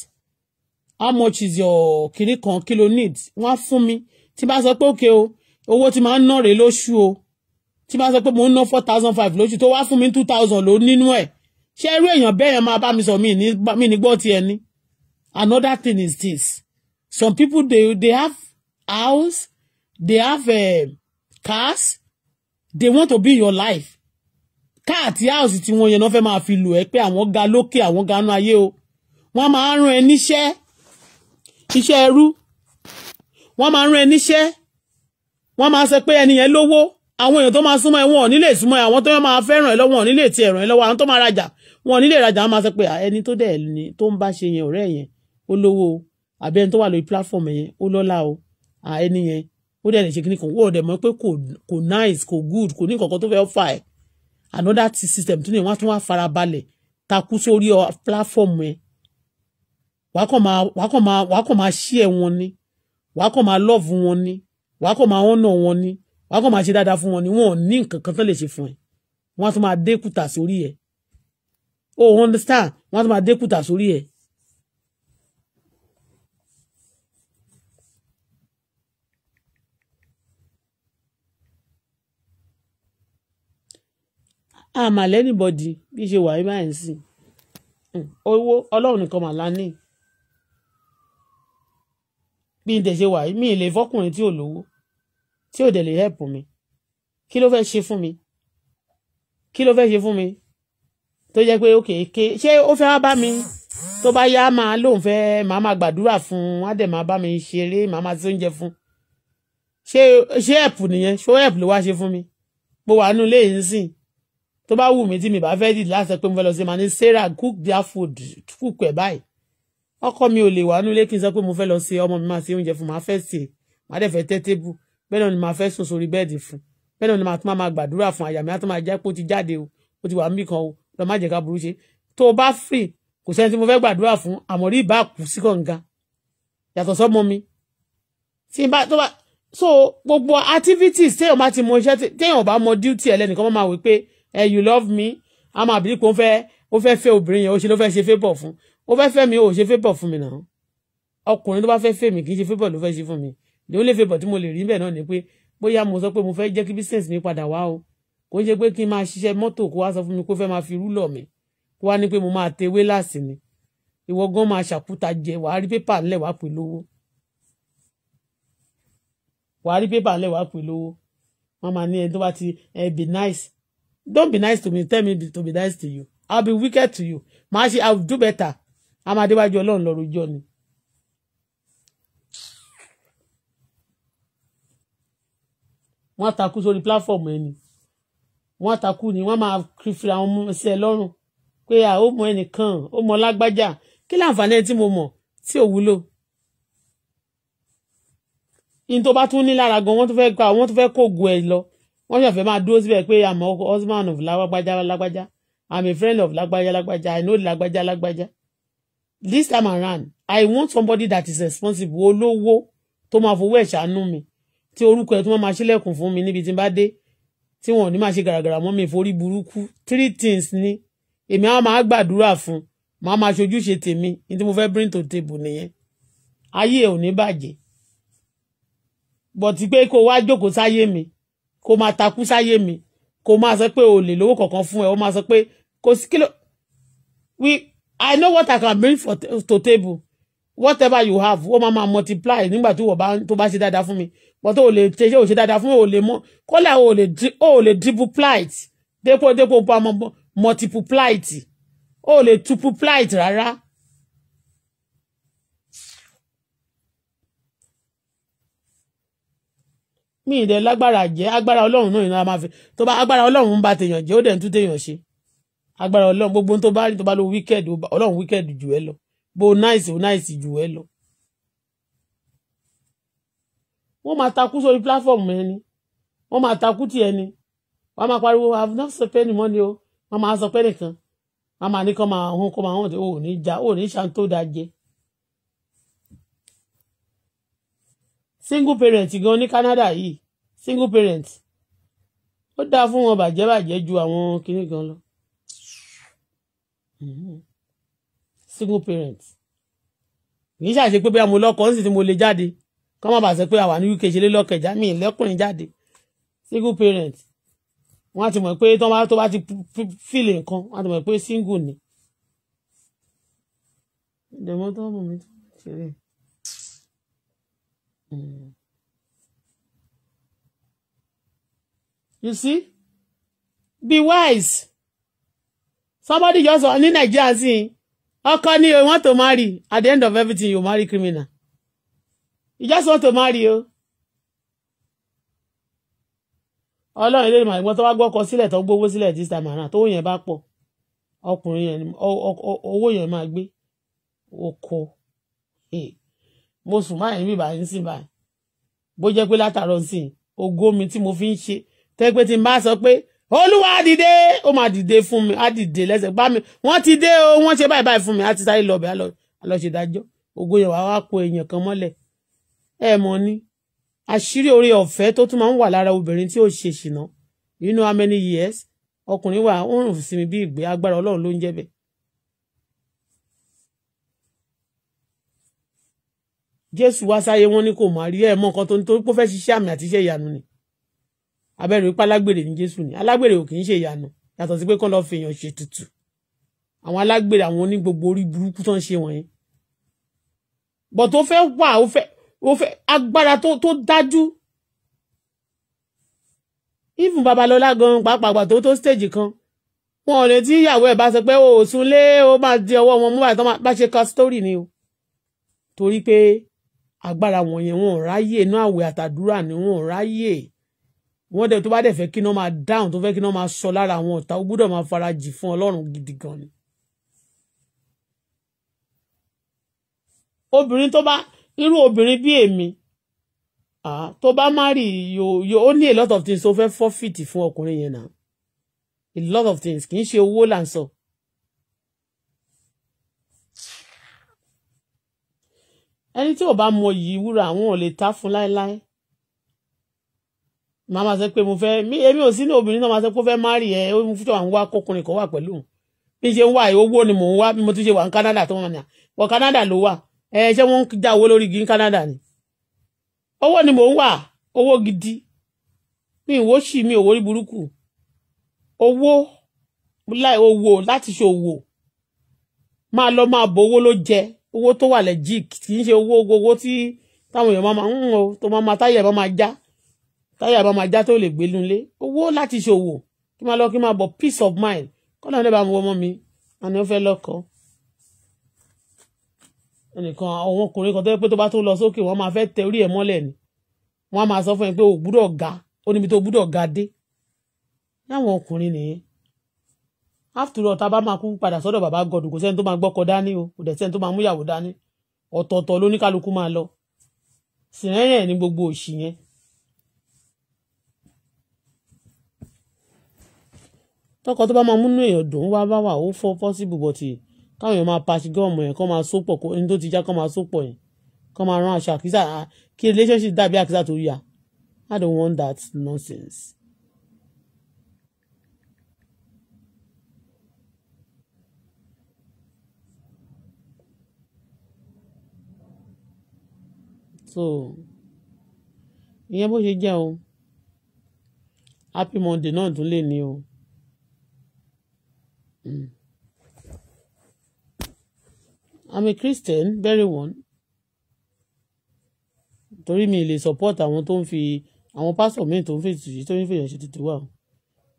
how much is your kìnnì kan kí lo need wọ́n á fún mi tí bá sọ pé òkè o owó tí máa ń ná rèé lóṣù o tí bá sọ pé mo ń ná four thousand five lóṣù tó wá fún mi two thousand ló nínú ẹ̀ ṣé irú èèyàn bẹ́ẹ̀ yẹn máa bá mi sọ mí ní gbọ́ tiẹ̀ ni another thing is this some people they they have house they have uh, cars they want to be your life káàtì áùsì tí wọ́n yẹn náà fẹ́ máa fi lò ẹ́ pé àwọn ga lókè àwọn ga nú ayé o wọ́n máa ń rán ẹ níṣẹ́ iṣẹ́ ẹrú wọ́n máa ń rán ẹ níṣẹ́ wọ́n máa sọ pé ẹni yẹn lówó àwọn èèyàn tó máa súnmọ́ ẹ wọn ò ní lè súnmọ́ ẹ àwọn tó máa fẹ́ràn ẹ lọ́wọ́ wọn ò ní lè ti ẹ̀ràn ẹ lọ́wọ́ àwọn tó máa rajà wọn ò ní lè rajà wọn máa sọ pé ẹni tó dẹ̀ ni tó ń bá ṣe yẹn ọ̀rẹ́ yẹn ó lówó o àbí ẹni tó wà lórí platform yẹn ó lọ́lá o ẹni yẹn ó dẹ̀ lè ṣe kíní kan ó dẹ̀ mọ̀ pé kò nice kò good kò ní kankan tó fẹ́ fà ẹ̀ another ti system tún ní wọ́n tún wá farabalẹ̀ takú sórí platform ẹ̀ wàá kàn máa wàá kàn máa wàá kàn máa share wọn ni wàá kàn máa love wọn ni wàá kàn máa honour wọn ni wàá kàn máa ṣe dáadáa fún wọn ni wọn ò ní nǹkan kan tó lè ṣe fún ẹ wọ́n tún máa dé kùtà sórí ẹ o oh, understand wọ́n tún máa dé kùtà sórí ẹ àmà lẹ́nìbọ̀dì bí ṣe wà bá ń sìn owó ọlọ́run nìkan mà lánì bí n tẹ̀ ṣe wà mí lè fọkùnrin tí ò lówó tí ò dẹ̀ lè help mi kí ló fẹ́ ṣe fún mi kí ló fẹ́ ṣe fún mi tó jẹ́ pé ókè ké ṣé ó fẹ́ wá bá mi tó bá yá máa lóun fẹ́ máa máa gbàdúrà fún un á dẹ̀ máa bá mi ṣeré máa máa tó ń fún ṣé ṣé ẹ̀pù nìyẹn ṣó ẹ̀pù ló wá ṣe fún mi mo wà nínú ń sìn tó bá wù mí tí mi bá fẹ́ dìde láti sọ pé mo fẹ́ lọ sí màá sarah cook their food cook ẹ̀ báyìí ọkọ mi ò lè wà nílé kí n sọ pé mo fẹ́ lọ sí ọmọ mi máa ṣe oúnjẹ fún màá fẹ́ sè màá dẹ̀ fẹ́ tẹ́ tébù bẹ́ẹ̀ náà ni màá fẹ́ sùn sórí bẹ́ẹ̀dì fún bẹ́ẹ̀ náà ni màá tún máa gbàdúrà fún àyà mi á tún máa jẹ́ pé ó ti jáde o ó ti wà níbì kan o lọ má jẹ́ ká burú ṣe tó o bá free kò sẹ́ni tí mo fẹ́ gbàdúrà fún àmọ́ rí ìbá kù sí kànga yàtọ̀ sọ́mọ mi tí n bá tó bá so gbogbo activities téèyàn bá ti mọ iṣẹ́ téèyàn bá mọ duty ẹlẹ́nìkan máa wí pé ẹ eh, you love me a máa bí pé ó fẹ́ ó fẹ́ fẹ́ obìnrin yẹn ó ṣe ló fẹ́ ṣe favour fún ó fẹ́ fẹ́ mi ó ṣe favour fún mi náà ọkùnrin tó bá fẹ́ fẹ́ mi kì í ṣe favour ló fẹ́ ṣe fún mi ní ó lè favour tí mo lè rí bẹ́ẹ̀ náà ni pé bóyá mo sọ pé mo fẹ́ jẹ́ kí business mi padà wá o kò ń ṣe pé kí n máa ṣiṣẹ́ mọ́tò kó wá sọ fún mi kó fẹ́ máa fi rúlọ̀ mi kó wá ní pé mo máa tewé láàsì ni ìwọ gan máa ṣàkúta jẹ wàá rí pépà ńlẹ̀ wàá pè lówó wàá rí pépà ńlẹ̀ wàá pè lówó wọ́n don't be nice to me tell me to be nice to you i'll be wicked to you màá I'll do better àmọ́ adéwájú ọlọ́run lọ rojọ́ ni. taku takú sórí platform ẹ ni taku ni wọ́n ma fira wọn mú sí ẹ lọ́rùn pé à ó mọ ẹnìkan ó mọ lágbájá kí láǹfààní ẹ tí mo mọ̀ tí ò wúlò. in tó bá tún ní lára gan wọ́n tún wọ́n ṣàfẹ́ máa dúró síbẹ̀ pé i'm husband of lágbájá lágbájá i'm a friend of lágbájá lágbájá i know lágbájá lágbájá this time around i want somebody that is responsible olówó tó máa fowó ẹ̀ ṣàánú mi tí orúkọ ẹ̀ tó máa ṣílẹ̀kùn fún mi níbi tí n bá dé tí wọn ò ní máa ṣe gàràgàrà mọ́ mi forí burúkú three things ni èmi á máa gbàdúrà fún màá máa ṣojúṣe tèmi ní tí mo fẹ́ bring to table nìyẹn ayé ẹ̀ ò ní bàjẹ́ bọ̀tí pé kó wá jókòó sáyé mi kó máa takú sáyé mi kó máa sọ pé o lè lówó kankan fún ẹ ó máa sọ pé kò sí kí ló we i know what i can bring for to table whatever you have ó máa máa multiply nígbà tí wọ́n bá tó bá ṣe dáadáa fún mi but ó lè ṣe ó ṣe dáadáa fún mi ó lè mọ kọ́lá ó lè ó lè triple dépò dépò bá multiple plight ó lè triple plight rárá mi ì dẹ̀ lágbára jẹ́ agbára ọlọ́run náà ìnáwó máa fi tó bá agbára ọlọ́run ń ba tèèyàn jẹ́ ó dẹ̀ ń tún téèyàn ṣe agbára ọlọ́run gbogbo tó bá rí tó bá lo wicked ọlọ́run wicked jù ẹ lọ bó nice ó nice jù ẹ lọ. wọ́n máa takú sórí platform ẹni wọ́n máa takú ti ẹni wọ́n máa pariwo i have not spent any money o wọ́n máa sọ pé nìkan wọ́n máa ní kọ́ máa hàn kọ́ máa hàn tó ò ní já ò ní ṣàǹtó dáa jẹ́ single parent gan ní Canada yìí single parent ó dáa fún wọn bàjẹ́ bàjẹ́ ju àwọn kinní gan lọ mhm. single parent kì í ṣàṣe pé bí mo lọ́kọ ń sì tí mo lè jáde kọ́ má bàa sọ pé àwa ní UK ṣe lé lọ́kọ̀ ẹ̀já lẹ́kùnrin jáde single parent wọ́n á ti mọ̀ pé tó bá ti fìlè nǹkan wọ́n á ti mọ̀ pé single ni. ìdẹ̀mọ́tò ọmọ mi Mm. You see? Be wise. Somebody just ní Nigeria sí ọkọ ni you want to marry at the end of everything you marry criminal. You just want to marry o. Ọlọ́run ilé ìmọ̀ ìgbọ́n tó wá gbọ́kọ sílẹ̀ tó gbówó sílẹ̀ this time around tó yẹn bá pọ̀ ọkùnrin yẹn owó yẹn máa gbé oko. Hey mo sùn máa ń bí báyìí sí báyìí bó jẹ́ pé látàárọ̀ sí ògo mi tí mo fi ń ṣe tẹ́gbẹ́ tí n bá sọ pé olúwa dìde ó máa dìde fún mi á dìde lẹ́sẹ̀ bá mi wọ́n ti dé o wọ́n ṣe báyìí báyìí fún mi á ti sáré lọ bẹ́ẹ̀ á lọ ṣe dájọ́ ògo yẹn wàá wá kó èèyàn kan mọ́lẹ̀ ẹ mọ̀ ni àṣírí orí ọ̀fẹ́ tó tún máa ń wà lára obìnrin tí ó ṣe ṣìnà you know how many years ọkùnrin wà ó rùn sí mi bí ìgbé agbára ọlọ́run ló ń jẹ́ bẹ́ẹ̀ jésù wá sáyé wọn ní kò mọ àrí ẹ mọ nǹkan tó ń torí pé ó fẹ́ àmì àti iṣẹ́ ìyanu ni abẹ́rẹ́ ipá alágbèrè ní jésù ni alágbèrè ò kì í ṣe ìyanu yàtọ̀ sí pé kán lọ́ọ́ fèèyàn ṣe tutù àwọn alágbèrè àwọn oní gbogbo orí burúkú tó ń ṣe wọ̀nyẹn but ó fẹ́ wà ó fẹ́ ó fẹ́ agbára tó tó dájú even babalọ́lá gan pàápàá tó tó stage kan wọn ò lè tí ìyàwó ẹ̀ bá sọ pé o ò sùn o máa di ọwọ́ wọn mú bá ṣe ka story ni o torí pé agbára wọ̀nyẹn wọn ò ráyè inú àwẹ̀ àtàdúrà ni wọn ò ráyè wọn dẹ̀ tó bá dẹ̀ fẹ́ kí iná máa dáhùn tó fẹ́ kí iná máa sọ lára àwọn ọ̀tá ó gbúdọ̀ máa farajì fún Ọlọ́run gidi gan ni. obìnrin tó bá irú obìnrin bí èmi tó bá má rí yóò ó ní a lot of things tó fẹ́ fọ́fìtì fún ọkùnrin yẹn náà a lot of things kì í ṣe owó là ń sọ. So ẹni tí ò bá mọ yìí wúrà àwọn ò lè ta fún láéláé màá máa sọ pé mo fẹ́ èmi ò sí ní obìnrin náà máa sọ pé ó fẹ́ má rí ẹ ó mú fúnṣọ àwọn wá kókùnrin kan wà pẹ̀lú bí ṣe ń wá owó ni mò ń wá bí mo tún ṣe wà ní Canada tó wọn ni wọ Canada ló wà ẹ ṣé wọn ń já owó lórí igi ní Canada ni owó ni mò ń wà owó gidi mi ìwó sì mi òwò rí burúkú owó láì owó láti ṣe òwò máa lọ máa bọ owó ló jẹ owó tó wà lẹ́jìk kì í ṣe owó owó tí táwọn èèyàn máa ń o tó máa táyà bá máa já táyà bá máa já tó lè gbé lulẹ̀ owó láti ṣòwò kí máa lọ kí máa bọ̀ peace of mind kọ́ náà níbàámu ọmọ mi àná ó fẹ́ lọ́kọ̀ọ́ ẹnìkan àwọn ọkùnrin kan tó yẹ pé tó bá tó lọ sókè wọ́n máa fẹ́ tẹ orí ẹ̀ mọ́lẹ̀ ni wọ́n á máa sọ fún ẹ pé ò gbúdọ̀ ga ó níbi tó gbúdọ̀ ga dé láwọn ọkùnrin nìyẹn after all tá bá máa kú padà sọ́dọ̀ bàbá gọdùn kò sẹ́ni tó máa gbọ́kọ dání o kò dẹ̀ sẹ́ni tó máa múyàwó dání ọ̀tọ̀ọ̀tọ̀ lóníkálukú máa lọ sìnrẹ́yìn ní gbogbo òṣì yẹn. tọkọ tó bá máa múnú èèyàn dùn wá bá wà ó fọ pọ́síbù bọ̀tì káwọn èèyàn máa pàṣẹ gọ́ọ̀mù yẹn kọ́ máa só pọ̀ ní tó ti já kọ́ máa só yẹn kọ́ máa rán aṣọ àkísà kí relationship dàbí àkísà tó yà I don't want that nonsense. so ìyẹn bó ṣe jẹ́ o happy monday náà tún lè ní o. Hmm. I'm a Christian very one torí mi lè support àwọn tó ń fi àwọn pastor mi tó ń fi tùyí tó ń fi èèyàn ṣe tuntun wà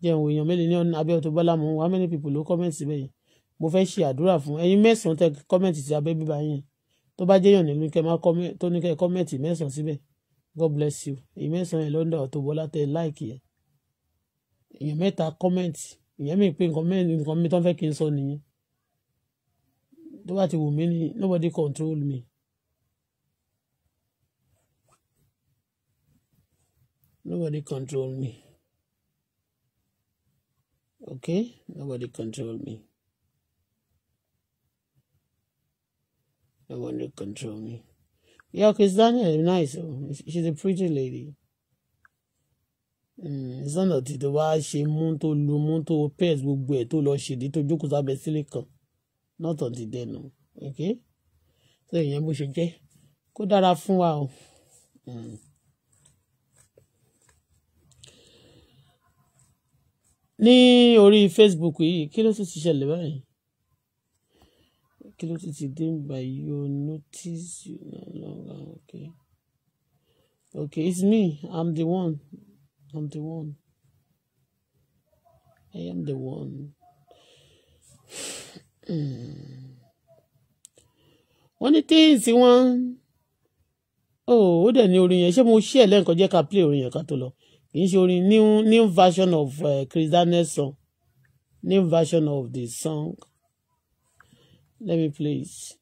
jẹun èèyàn mélòó ní ọ̀nà abẹ́ Auto Bola mọ́ how many people ló comment síbẹ̀ yẹn mo fẹ́ ṣe àdúrà fún ẹ̀yin mẹ́sàn-án tẹ comment sí abẹ́ bíbá yẹn tó bá jẹ́yàn nínú kẹ́ máa tó ní kẹ́ kọ́mẹ̀tì mẹ́sàn-án síbẹ̀ god bless you èyí mẹ́sàn-án yẹn lọ́dọ̀ Auto Bola tẹ láìkì ẹ̀ èèyàn mẹ́ta kọ́mẹ̀tì èèyàn mi pé nǹkan mẹ́rin nǹkan mi tó ń fẹ́ kí n sọ nìyẹn tó bá ti wù mí ni nobody control me. Nobody control me. Okay? Nobody control me. I want to control me. Yeah, because Daniel is nice. Oh. She's a pretty lady. Mm, Sandra ti tó wá ṣe mú tó lu mú tó pẹ́ẹ́sì gbogbo ẹ̀ tó lọ ṣèdí tó jókòó sábẹ́ sílé kan not on the day no okay so ìyẹn bó ṣe jẹ́ kó dára fún wa o. Mm. ní orí Facebook yìí kí ló tún ti ṣẹlẹ̀ báyìí kí ló ti ti dé nígbà yìí notice you no longer okay okay it's me i'm the one i'm the one i am the one wọ́n ní téèsì wọn ó ó dẹ̀ ní orin yẹn ṣé mo ṣí ẹ̀ lẹ́ǹkan jẹ́ ká play orin yẹn ká tó lọ kì í ṣe orin new new version of uh, Chris Daniel song new version of the song Let me play it.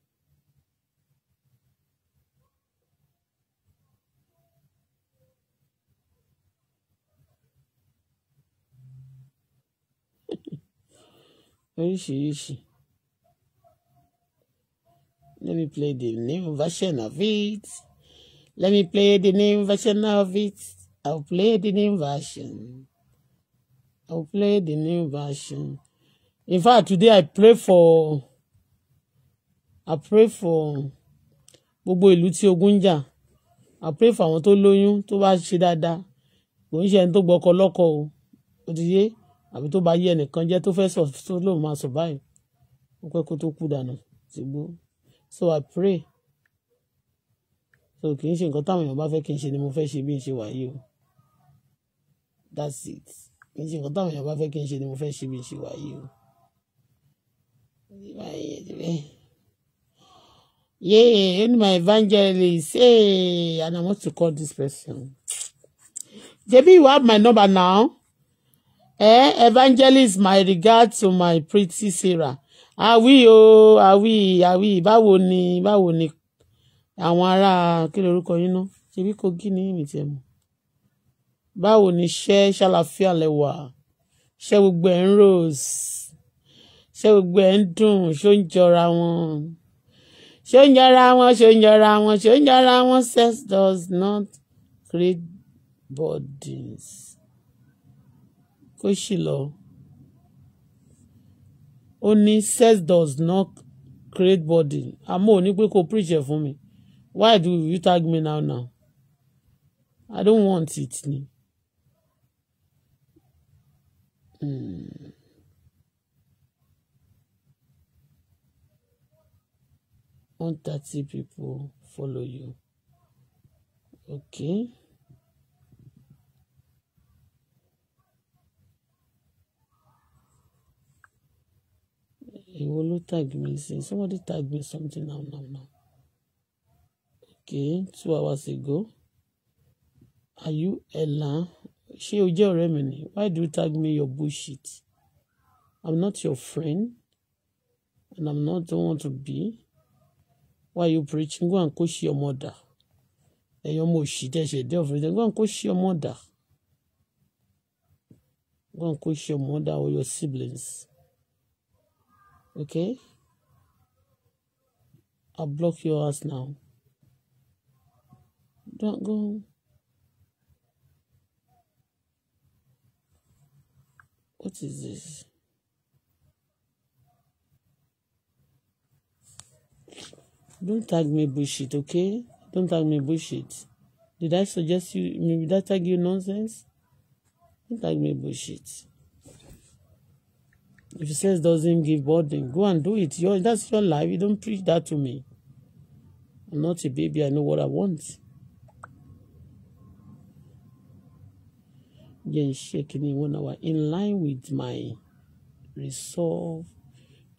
Oríṣiríṣi. Let me play the new version of it. Let me play the new version of it. I'll play the new version. I'll play the new version. In fact, today I pray for I pray for gbogbo ìlú tí ogun ń jà I pray for àwọn tó lóyún tó bá ṣe dáadáa kò ń ṣe ẹni tó gbọ́kọ lọ́kọ o ó ti yé àbí tó bá yé ẹnìkan jẹ́ tó fẹ́ sọ tó lòun máa sọ báyìí ó pẹ́ kó tó kú dànù ṣùgbọ́n so I pray so kì í ṣe nǹkan táwọn èèyàn bá fẹ́ kí n ṣe ni mo fẹ́ ṣe bí n ṣe wà o that's it kì í ṣe nǹkan táwọn èèyàn bá fẹ́ kí n ṣe ni mo fẹ́ ṣe bí n ṣe wà yìí o. Yeah, only my evangelist. Hey, and I want to call this person. JB, you have my number now. Eh, evangelist, my regard to my pretty Sarah. Àwí o, àwí, àwí, báwo ni, báwo ni àwọn ará kí lorúkọ yín ná? Ṣebí Kogi ní ìmì tẹ̀ mọ̀. Báwo ni ṣẹ́ ṣàlàfíà lẹ́wà? She gbogbo ẹ̀ ń rose? She gbogbo ẹ̀ ń dùn? Ṣó ń ṣó ń jọra wọn ṣó ń jọra wọn ṣó ń jọra wọn sex does not create bodies kó sì lọ ó ní sex does not create bodies àmọ́ ò ní pé kó preach ẹ̀ fún mi why do you tag me now now I don't want it ni. Mm. 130 people follow you. Okay. Ìwọ ló tag me sin somebody tag me something now now now. Okay, two hours ago. Are you Ella? She o jẹ́ mi ni? Why do you tag me your bullshit? I'm not your friend and I'm not the one to be why you preaching go and coach your mother ẹ̀yin ọmọ òṣì tẹ̀sẹ̀ dé ọ̀fẹ́ go and coach your mother go and coach your mother or your siblings okay i block your ass now don't go. What is this? Don't tag me bullshit, okay? Don't tag me bullshit. Did I suggest you? Maybe that tag you nonsense? Don't tag me bullshit. If he says doesn't give burden, go and do it. Your, that's your life. You don't preach that to me. I'm not a baby. I know what I want. Yes, shaking in one hour in line with my resolve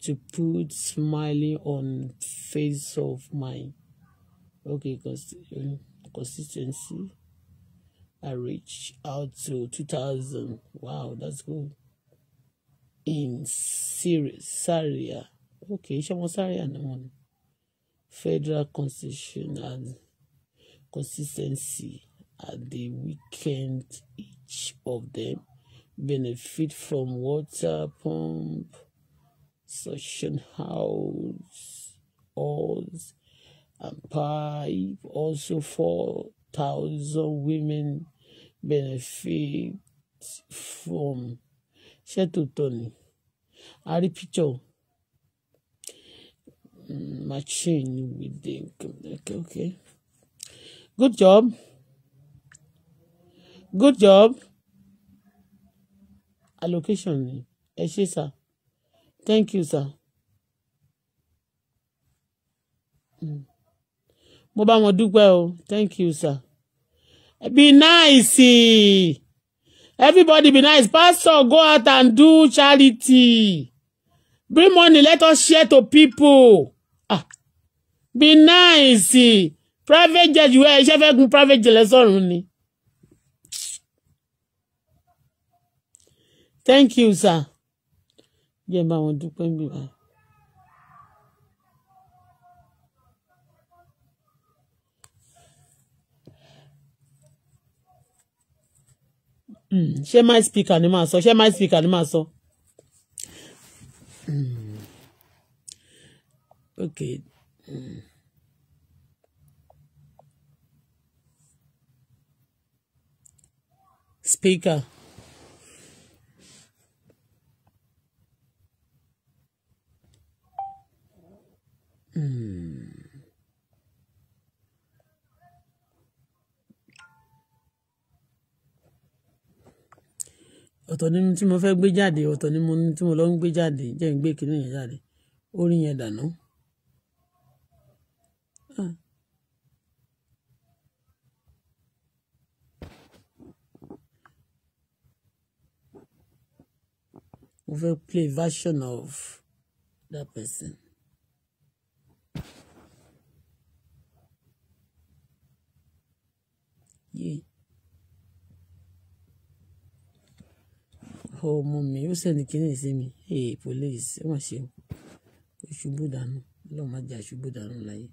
to put smiling on face of my okay um, consistency i reach out to 2000 wow that's good in Syria okay ṣé wọn Syria ni wọn federal constitution and consistency at the weekend each of them benefit from water pump suction house, oars, and pipe. Also, four thousand women benefit from. ṣé tòótọ́ ni a rí picture mm, machine with the okay, okay. Good job. Good job. Allocation ni ẹ ṣe sá. Thank you, sir. Mm. Mo bá wọn dúpẹ́ o. Thank you, sir. Be nice. Everybody be nice. Pastor, go out and do charity. Bring money. Let us share to people. Ah. Be nice. Private jet, you are. Iṣẹ́ fẹ́ gun private jet lẹ́sọ̀rùn ni. Thank you, sir jẹ́ ń bá wọn dúpẹ́ ń bì báyìí. Hmm, ṣé my speaker ni máa sọ ṣé my speaker ni máa sọ. Hmm. okay. Hmm. speaker. Hmm. ọ̀tọ̀ nínú tí mo fẹ́ gbé jáde ọ̀tọ̀ nínú tí mo lọ ń gbé jáde jẹ́ ń gbé kinní yẹn jáde orin yẹn dànù. Ah. mo fẹ́ play version of that person. yìí. ọmọ mi ó sẹ́ni kínní sí mi ee police ẹ wọ́n ṣe o ṣubú dànù ọlọ́run má jẹ́ àṣubú dànù láyé.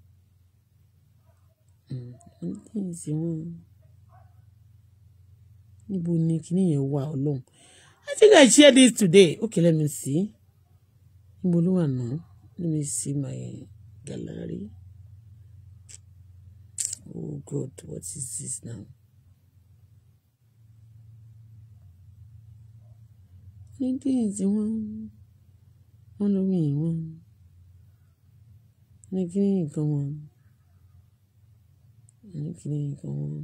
Hmm, wọ́n ní tí wọ́n níbo ni kínní yẹn wà ọlọ́run I think I share this today okay let me see níbo ló wà náà let me see my gallery oh God what is this now. Kídìǹtì wọn, wọ́n lómi wọn, ní kíni nǹkan wọn, ní kíni nǹkan wọn.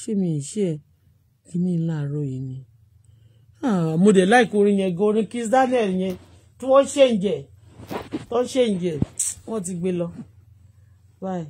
ṣé mi ì ṣe ẹ? Kíni yìí ni? Ah, mo dẹ̀ like orin yẹn gan, Kiss Daniel yẹn tí wọ́n ṣe ń jẹ, tí wọ́n ṣe ń jẹ, wọ́n ti gbé lọ. Bye.